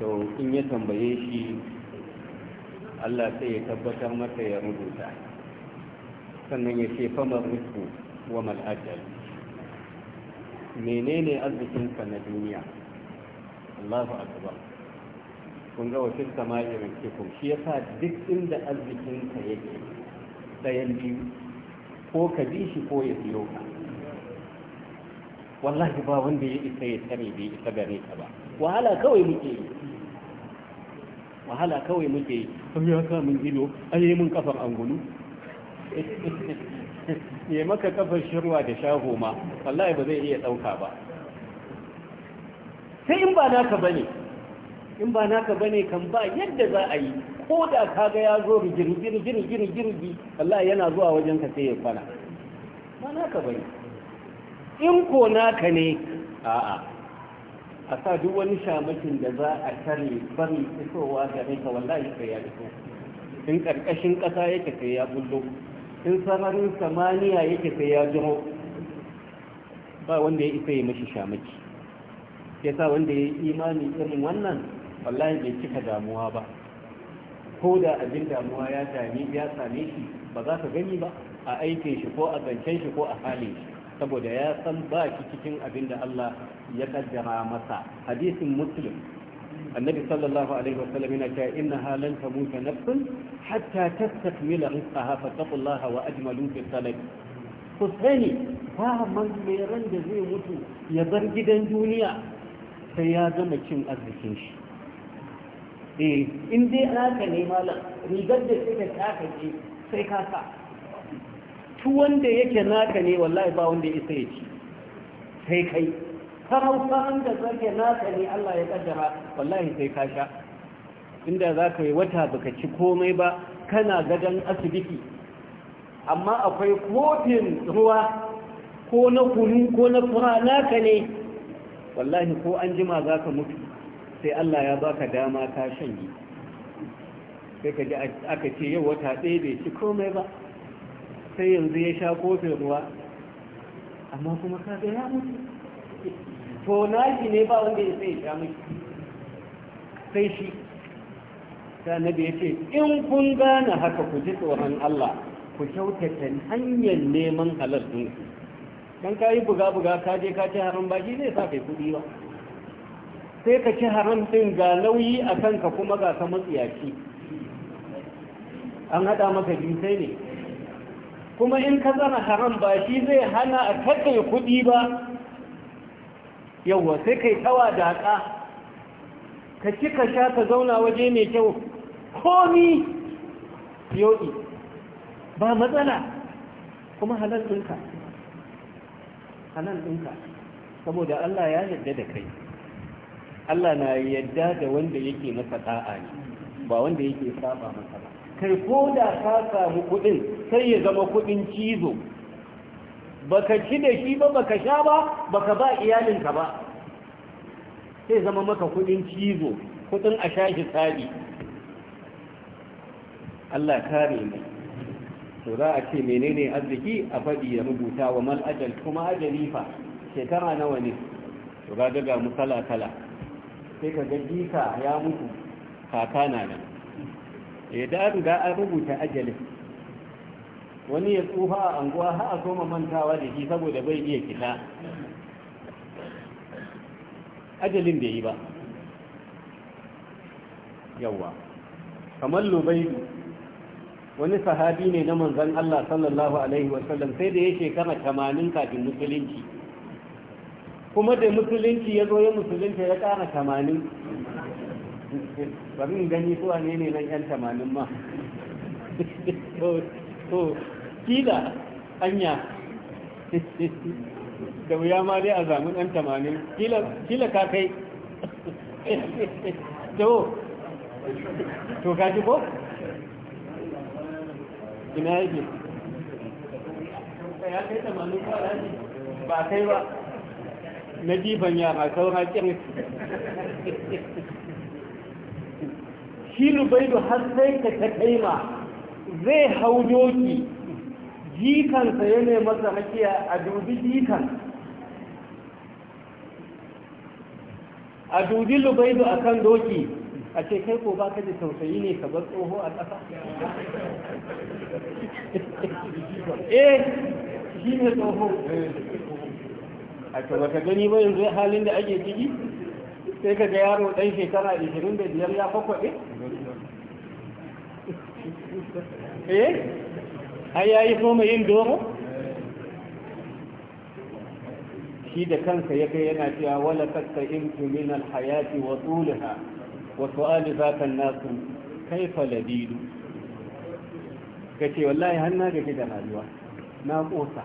to in ya tambaye shi Allah sai ya tabbatar masa ya rubuta sannan ya ce famar rufu wa mal'ajali menene arzikinka na duniya Allahu akbar kun ga wakil sama irin kekun shi yasa duk inda arzikinka yake ɗayan biyu ko ka bi shi ko ya biyo ka wallahi ba wanda ya isa ya tare bai isa gare ka ba wahala kawai muke yi wahala kawai muke yi ya ka min ido an yi min kafar angulu ya maka kafar shirwa da shago ma wallahi ba zai iya ɗauka ba sai in ba naka bane in ba naka bane kan ba yadda za a yi ko da ka ga ya zo rigirgirgirgirgi wallahi yana zuwa wajen ka sai ya kwana ba naka bane in ko naka ne a'a a sa duk wani shamakin da za a tare bari fitowa ne, ka wallahi sai ya fito in karkashin ƙasa yake sai ya bullo in sararin samaniya yake sai ya jiro ba wanda ya isa yi mashi shamaki ya sa wanda ya yi imani irin wannan wallahi bai cika damuwa ba ko da abin damuwa ya same ya same shi ba za ka gani ba a aikin shi ko a zancen shi ko a halin shi saboda ya san ba shi cikin abin da Allah ya kaddara masa hadisin muslim annabi sallallahu alaihi wasallam yana cewa inna halan tamuta nafsun hatta tastakmila rizqaha fattaqullaha wa ajmalu fi talab ku sani ba man ran da zai mutu ya bar gidan duniya sai ya gama cin arzikin shi eh in dai aka ne malam rigar da take taka ce sai ka sa yake naka ne wallahi wanda ya ci sai kai farautan da zage naka ne Allah ya kaddara wallahi sai ka sha inda za ka yi wata baka ci komai ba kana gadon asibiti amma akwai kofin ruwa ko na kunu ko na fura naka ne wallahi ko an jima za ka mutu sai Allah ya baka dama ka shanye sai ka ji aka ce yau wata ɗaya bai ci komai ba sai yanzu ya sha kofin ruwa amma kuma ka ga ya mutu to nashi ne ba wanda ya sai ya mai sai shi ta ya ce in kun gane haka ku ji tsoron Allah ku kyautata hanyar neman halal dinku don ka yi buga-buga ka je ka ci haram ba shi zai sa kai kuɗi ba sai ka ci haram ɗin ga nauyi a kanka kuma ga ka matsiyaci an haɗa maka jinsai ne kuma in ka zana haram ba shi zai hana a kaɗe kuɗi ba yawwa sai kai tawa daƙa ka ci ka sha ka zauna waje mai kyau komi yoɗi ba matsala kuma halal ɗinka halal ɗinka saboda Allah ya yarda da kai Allah na yarda da wanda yake masa ɗa'a ne ba wanda yake saba masa ba kai ko da ka samu kuɗin sai ya zama kuɗin cizo baka ci da shi ba baka sha ba baka ba iyalinka ba sai zama maka kudin cizo kudin a shashi tsari Allah kare mai to za a ce menene arziki a faɗi ya rubuta wa mal ajal kuma ajali fa shekara nawa ne to ga ga mu kala kala sai ka ga jika ya mutu kaka na nan ya eh, ga an rubuta ajalin wani ya tsufa a anguwa ha a soma mantawa da shi saboda bai iya fita ajalin bai yi ba yawwa. kamar lubaidu wani sahabi ne na manzan Allah sallallahu alaihi wasallam sai da ya shekara tamanin kafin musulunci kuma da musulunci ya zo ya ya ƙara tamanin. bari gani suwa ne ne nan 'yan tamanin ma kila hanya, da wuya ma dai a zamun ɗan tamanin kila ka kai to to ka ji ko? ina yake ya kai tamanin kwara ne ba kai ba na jifan yara saura kirin shi lubaidu har sai ka ta kaima zai hau doki jikansa ya ne masa hakiya a dubi jikan a dubi lubaidu a kan doki a ce kai ko baka da tausayi ne ka bar tsoho a ƙasa eh shi ne tsoho a ba ka gani ba yanzu halin da ake ciki sai ka ga yaro ɗan shekara 25 ya fakwaɗe eh har ya yi so yin doro shi da kansa ya kai yana cewa wala takka imtu min alhayati wa tulaha wa su'ali zaka an-nas kaifa ladidu ce wallahi har na gaji da rayuwa na kosa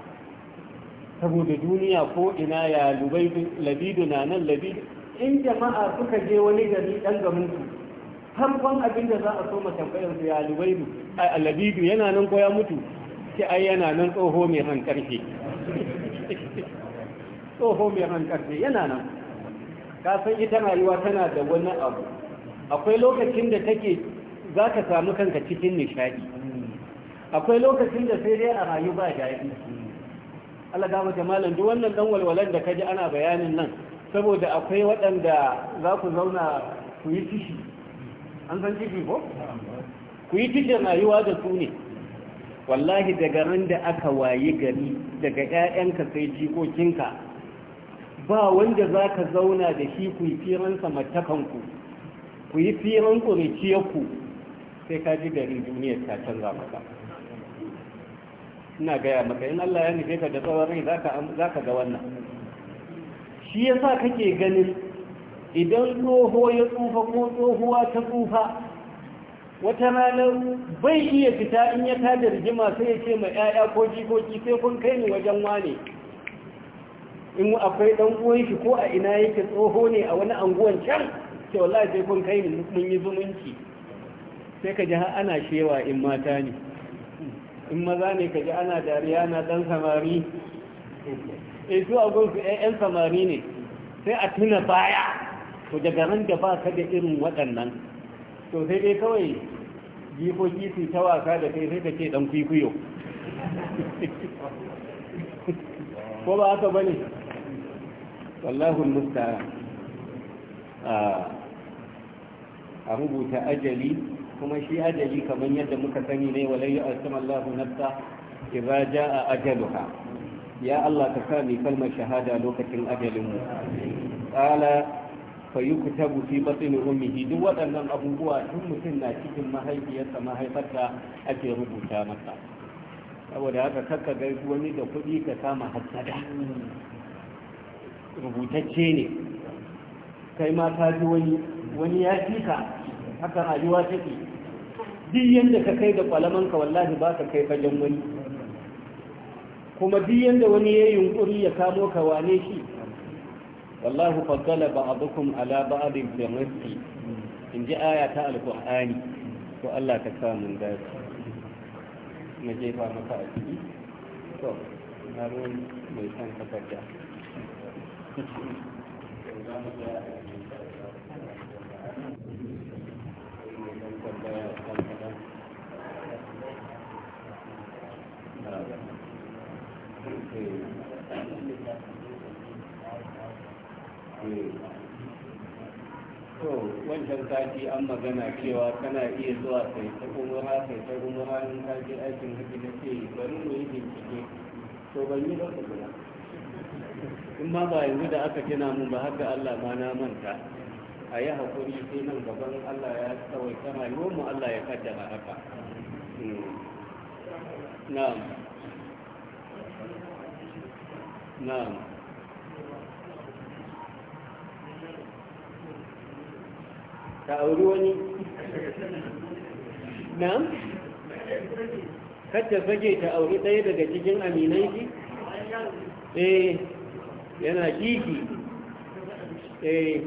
saboda duniya ko ina ya lubai labidu na nan labidu in jama'a suka je wani gari dan gamin su farkon abin da za a so mu tambayar su ya lubai a labidu yana nan ko ya mutu ki ai yana nan tsoho mai ran karfe tsoho mai ran karfe yana nan ka san ita rayuwa tana da wani abu akwai lokacin da take za ka samu kanka cikin nishadi akwai lokacin da sai dai a rayu ba daɗi Allah ga mata malam duk wannan dan walwalan da kaji ana bayanin nan saboda akwai waɗanda za ku zauna ku yi tishi an san tishi ko ku yi tishin rayuwa da su ne wallahi daga ran da aka waye gari daga ƴaƴanka sai jikokinka ba wanda za ka zauna da shi ku yi firansa matakanku ku yi firan ƙuriciyarku sai ka ji garin duniyar ta canza maka ina gaya maka in Allah ya nufe ka da tsawon rai za ka ga wannan shi yasa kake ganin idan tsoho ya tsufa ko tsohuwa ta tsufa wata ranar bai iya fita in ya ta rigima sai ya ce mai 'ya'ya ko jikoki sai kun kai ni wajen wane in akwai ɗan uwan shi ko a ina yake tsoho ne a wani anguwan can ce wallahi sai kun kai ni mun yi zumunci sai ka ji ana shewa in mata ne in maza ne ka ji ana dariya na ɗan samari e su agun su ƴaƴan samari ne sai a tuna baya to daga nan da ba ka da irin waɗannan to sai dai kawai jifoki su ta wasa da kai sai ka ce dan kwikwiyo ko ba haka bane wallahu musta a rubuta ajali kuma shi ajali kamar yadda muka sani ne walai yu'azzim Allahu nafsa a jaa ajaluha ya Allah ka sa ni kalmar shahada lokacin ajalin mu qala fayuktabu fi batni ummihi duk waɗannan abubuwa tun mutum na cikin mahaifiyarsa mahaifarsa ake rubuta masa saboda haka kakka ga wani da kuɗi ka kama hassada rubutacce ne kai ma ka ji wani wani ya fi ka haka rayuwa take duk yanda ka kai da kwalamanka wallahi ba ka kai fajen wani kuma duk yanda wani ya yunkuri ya kamo ka wane shi والله فضل بعضكم على بعض في الرزق إن جاء آية القرآن وألا تكفى ذلك نجيب عن مفاعله هارون ميسان فتجا Thank you. to wancan sati an magana cewa kana iya zuwa sai ta umura kai ta umura in ka je aikin haka na ce bari mu yi bincike to ban yi ba ku in ma ba yanzu da aka kina mun ba haka Allah ma na manta a yi haƙuri sai nan gaban Allah ya kawai kama yi mu Allah ya kaddara haka hmm. na'am na'am ka auri wani na kacce fage ta auri ɗaya daga cikin aminai ji eh yana kiki eh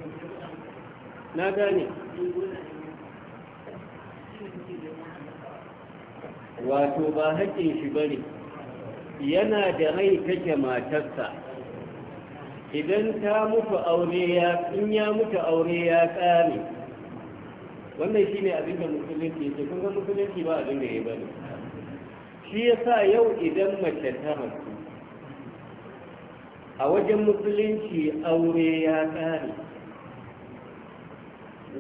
na gane wato ba haƙƙin shi ne. yana da rai take matarsa idan ta mutu aure ya in ya mutu aure ya ƙare wannan shi abin da musulunci ce kun ga musulunci ba abin da ya ne shi ya sa yau idan mace ta rasu a wajen musulunci aure ya ƙare.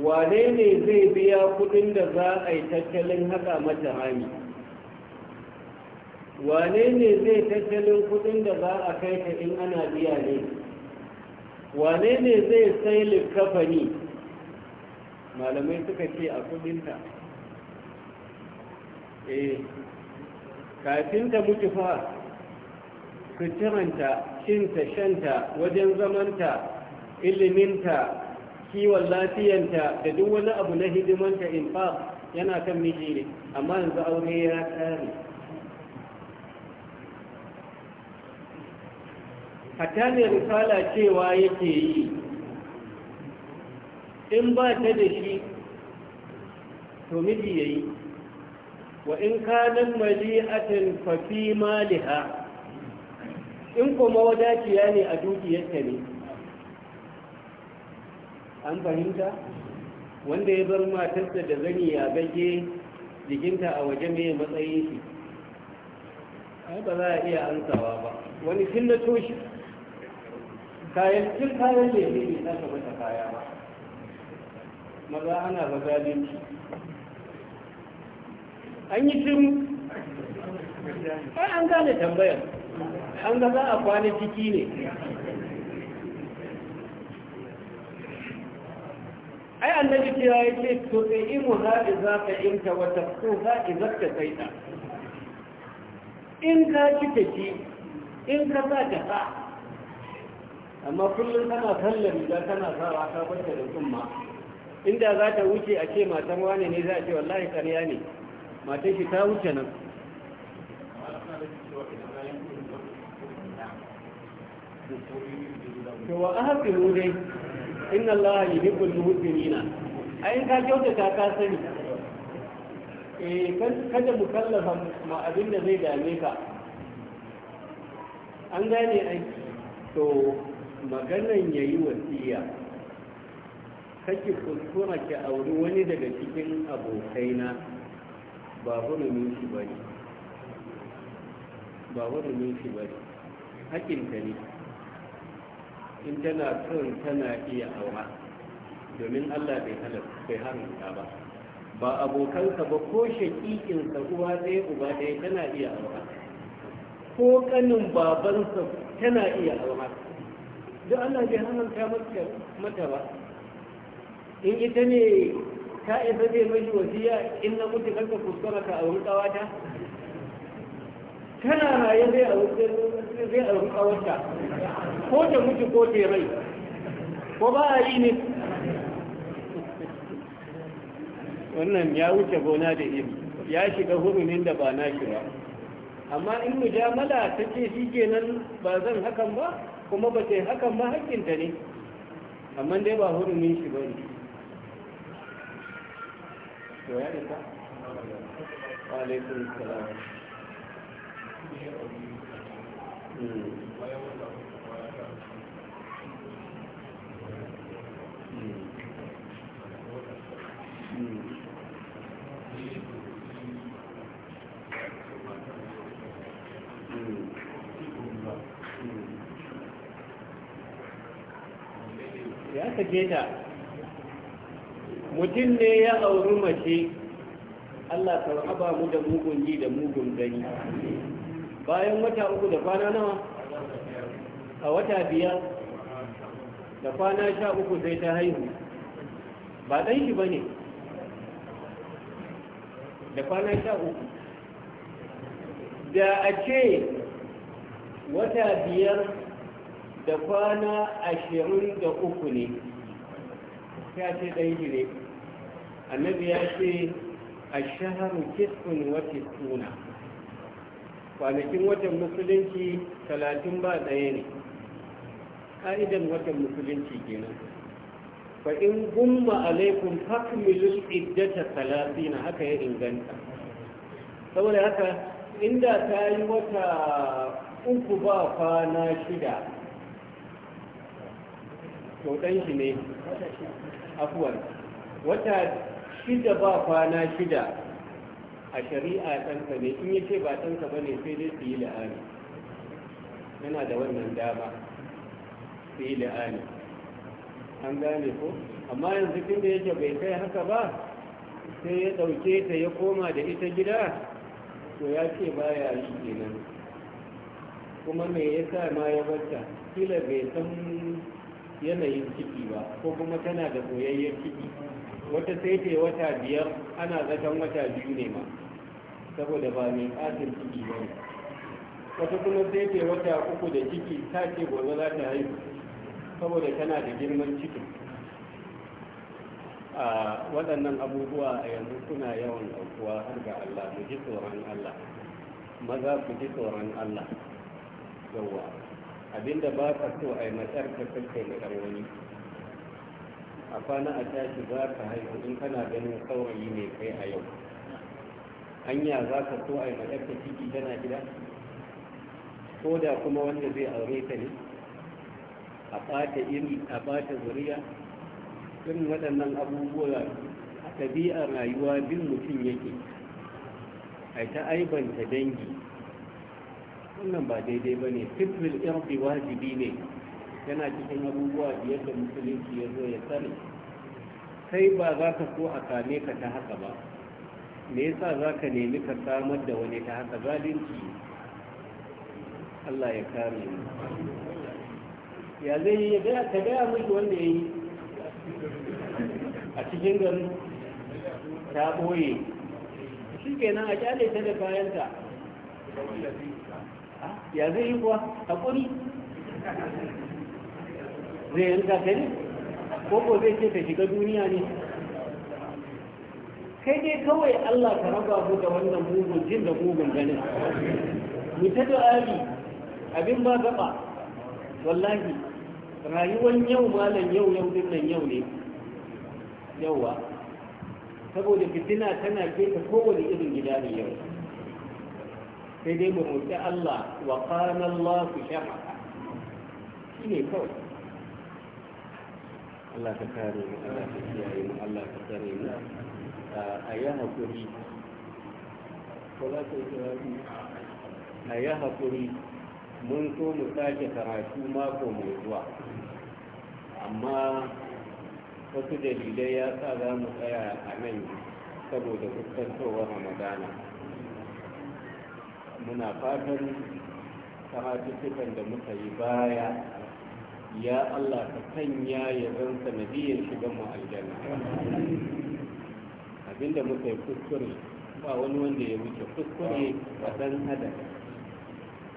wane ne zai biya kudin da za a yi tattalin haka mata hami wane ne zai tattalin kudin da za a kai ta in ana biya ne wane ne zai sai likafani malamai suka ce a kudinta eh kafin ta mutu fa cinta shanta wajen zamanta iliminta kiwon lafiyanta da duk wani abu na hidimanta in fa yana kan miji ne amma yanzu aure ya kare hatta ne risala cewa yake yi in ba ta da shi to miji ya yi wa in kanan mali'atin fafi maliha in kuma wadaciya ne a dukiyarta ne an fahimta wanda ya bar matarsa da zani ya gage jikinta a waje mai matsayin shi ai ba za a iya ansawa ba wani kin na toshi kayan cin kayan da ya ne ta mata kaya ba maza ana ba zalunci an yi shiru ai an gane tambayar an ga za a kwana ciki ne ai annabi cewa ya ce to sai imu za za ka inta wata ko za iza ka ta. in ka ci ta ci in ka sa ta sa amma kullum tana sallar riga tana sawa ta bata da tsumma inda za ta wuce a ce matan wane ne za a ce wallahi ƙarya ne matan shi ta wuce nan to wa fi dai inna allaha nina. A ai ka kyautata ka sani eh kada mu kallafa ma abin da zai dame ka an gane ai to maganan yayi wasiya kake kuskura ki auri wani daga cikin abokaina ba hurumin shi ba ne ba hurumin shi ba ne hakinta ne in tana son tana iya aura domin allah bai bai ba ba abokansa ba ko shakikinsa uwa ɗaya uba ɗaya tana iya aura ko kanin babansa tana iya aura duk allah bai haramta mata ba in ita ne ta isa zai mashi wasiya in na mutu karka kuskura ka auri kawata kana raye zai auri kawata ko ta mutu ko ta rai ko ba a yi ne wannan ya wuce gona da iri ya shiga hurumin da ba na shi ba amma in mujamala ta ce shi kenan ba zan hakan ba kuma ba ce hakan ba hakkinta ne amma dai ba hurumin shi ba ne to ya nisa mutum ne ya auri mace Allah ta raba mu da mugun yi da mugun gani bayan wata uku da kwana nawa a wata biyar da kwana sha uku sai ta haihu ba ɗan shi ba ne da kwana sha uku da a ce wata biyar da kwana ashirin da uku ne ta ce ɗan shi ne annabi ya ce a shaharu kisun wata suna kwanakin watan musulunci talatin ba ɗaya ne ƙa'idan watan musulunci kenan fa in gumma alaikum fakmilu iddata talatin haka ya inganta saboda haka inda ta yi wata uku ba kwana shida to ɗan shi ne afuwar wata shida ba kwana shida a shari'a ɗanka ne in yace ba ɗanka ba ne sai dai su yi la'ani yana da wannan dama su yi la'ani an gane ko amma yanzu tun da yake bai kai haka ba sai ya ɗauke ta ya koma da ita gida to ya ce ba ya yi kenan kuma me sa ma ya barta kila bai san yanayin ciki ba ko kuma tana da koyayyar ciki wata sai ce wata biyar ana zaton wata biyu ne ma saboda ba mai ƙasin ciki ba ne wata kuma sai ce wata uku da ciki ta ce gobe za ta haihu saboda tana da girman ciki a waɗannan abubuwa a yanzu suna yawan ɗaukuwa har ga Allah mu ji tsoron Allah maza ku ji tsoron Allah yawwa abinda ba ka so a yi matsar ta kai na wani a kwana a tashi za ka haihu in kana ganin saurayi mai kai a yau hanya za ka so a yi madarka ciki tana gida ko da kuma wanda zai aure ka ne a ɓata iri a ɓata zuriya irin waɗannan abubuwa a ɗabi'ar rayuwa bin mutum yake a ta aibanta dangi wannan ba daidai ba ne sifil irbi wajibi ne yana cikin abubuwa biyar da musulunci ya zo ya sani Sai ba za ka so a same ka ta haka ba me yasa za ka nemi ka samar da wani ta haka zalunci Allah ya kare mu ya zai yi ya ta gaya miki wanda ya yi a cikin garin ta ɓoye shi kenan a kyale ta da bayanta ah, ya zai yi kuwa haƙuri zai yanka ta ne ko ko zai ce ta shiga duniya ne kai dai kawai Allah ka raba mu da wannan mugun jin da mugun ganin mu ta du'a'i abin ba gaba wallahi rayuwar yau malam yau yau din nan yau ne yauwa saboda fitina tana keta kowane irin gida ne yau sai dai mu roƙi Allah wa qala Allah shi ne kawai Allah ka kare mu Allah ka kiyaye mu Allah ka tsare mu a yi kuri, ko za ka yi karatu a yi hakuri mun so mu sake karatu mako mai zuwa amma wasu dalilai ya sa za mu tsaya a nan saboda a ramadana muna fatan karatuttukan da muka yi baya ya Allah ka sanya ya zan ya shigan mu aljanna abinda muka yi kuskure ba wani wanda ya wuce kuskure ba dan adam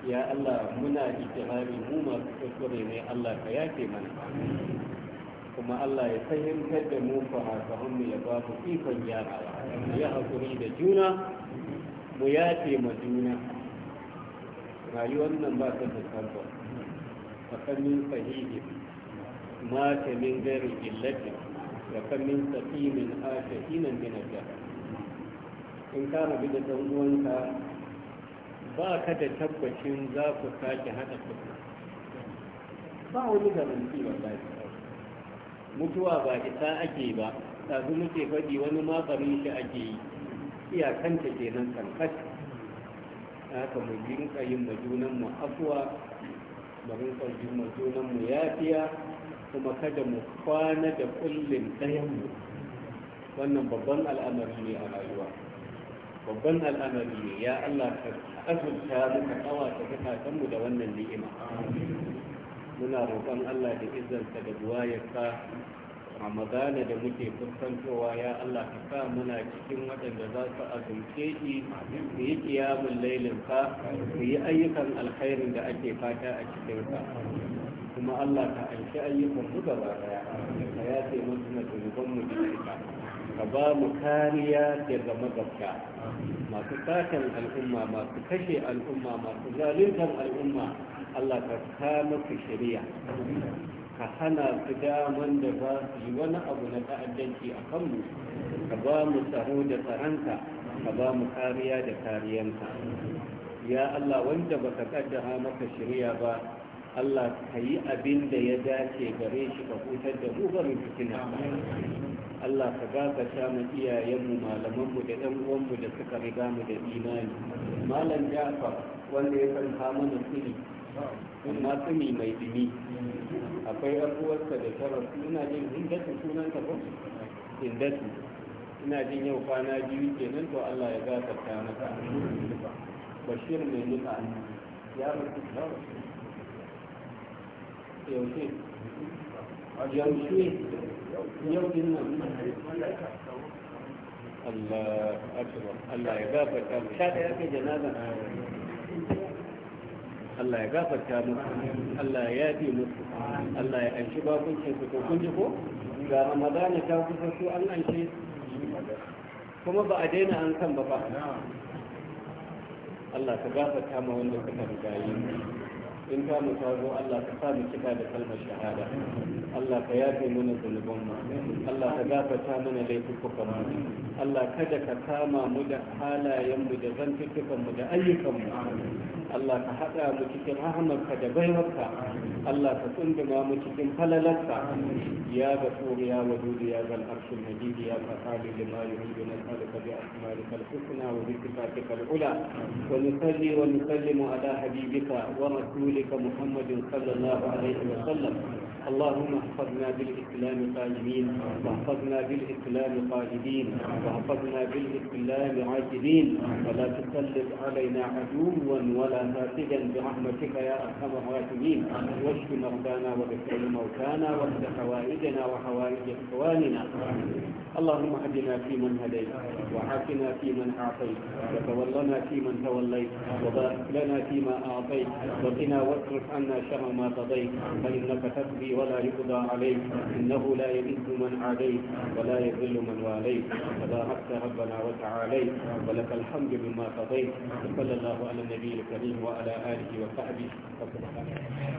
ya Allah muna ikirari mu masu kuskure ne Allah ka yafe mana kuma Allah ya fahimtar da mu fahimtar mu ya ba mu ikon gyarawa ya hakuri da juna mu yafe ma juna rayuwar nan ba ta da tabbata فكم صحيح فهيد مات من غير قلة وكم من سقيم عاش حينا من الجهل إن كان بدة أنت باك تتبت ذاك ساك هذا ba من garanti wallahi mutuwa ba isa ake ba ɗazu muke faɗi wani matsarin shi ake yi iyakanta kenan kankat haka mu rinka yin ma junan mu afuwa bari ƙarfi mu junan ya yafiya kuma kada mu kwana da kullum ɗayan mu wannan babban al'amari ne a rayuwa babban al'amari ne ya Allah ka azurta muka tsawa ta zukatan mu da wannan ni'ima muna roƙon Allah da izanta da buwayarsa magana da muke fuskantowa ya Allah ka sa muna cikin waɗanda za su azumce shi su yi ƙiyamun lailinka su yi ayyukan alkhairin da ake fata a cikinsa kuma Allah ka anshi ayyukan su gaba daya ka yafe musu na zunuban mu da ka ba mu kariya daga magabta masu satan al'umma masu kashe al'umma masu zaluntar al'umma Allah ka kama su shari'a ka hana su daman da za su yi wani abu na ta'addanci a kanmu ka ba mu tsaro da tsaronka ka ba mu kariya da kariyanka ya Allah wanda baka kaddara maka shirya ba Allah ka yi abin da ya dace gare shi ka hutar da mu barin fitina Allah ka gafata mu iyayenmu malamanmu da ɗan uwanmu da suka riga mu da imani malam Jafar wanda ya karanta mana sirri amma sirri mai dumi akwai abuwarsa da tarar ina jin hindatu sunan ta ko hindatu ina jin yau kwana biyu kenan to Allah ya na maka bashir mai nuka ya mutu yaushe yaushe yau din nan Allah akbar Allah ya gafarta sha da yake janaza Allah ya gafarta musu Allah ya yafe musu Allah ya anshi bakuncin su ko kun ji ko ga Ramadana ta kusa su an anshe kuma ba a daina an kan ba ba Allah ka gafarta ma wanda suka rigaye in ta mu ta Allah ka sa mu cika da kalmar shahada Allah ka yafe mana zunuban mu Allah ka gafarta mana laifukan mu Allah kada ka kama mu da halayen mu da zantukan mu da ayyukan mu Allah ka haɗa mu cikin rahamarka da baiwarka Allah ka tsunduma mu cikin falalarka ya ga ghafur ya wadud ya zal arshil da ya qadir lima yuhibbu nas'aluka bi asma'ikal husna wa bi sifatikal ula wa nusalli wa nusallimu ala habibika wa rasulika muhammadin sallallahu alaihi wa sallam اللهم احفظنا بالإسلام قائمين واحفظنا بالإسلام قائدين واحفظنا بالإسلام عاجلين ولا تسلط علينا عدوا ولا فاسدا برحمتك يا أرحم الراحمين واشف مرضانا وبشر موتانا واهد حوائجنا وحوائج إخواننا اللهم اهدنا فيمن هديت وعافنا فيمن عافيت وتولنا فيمن توليت وبارك لنا فيما أعطيت وقنا واصرف عنا شر ما قضيت فإنك تقضي ولا يقضى عليك إنه لا يذل من عاديت ولا يذل من واليت تباركت ربنا وتعاليت ولك الحمد بما قضيت وصلى الله على النبي الكريم وعلى آله وصحبه وسلم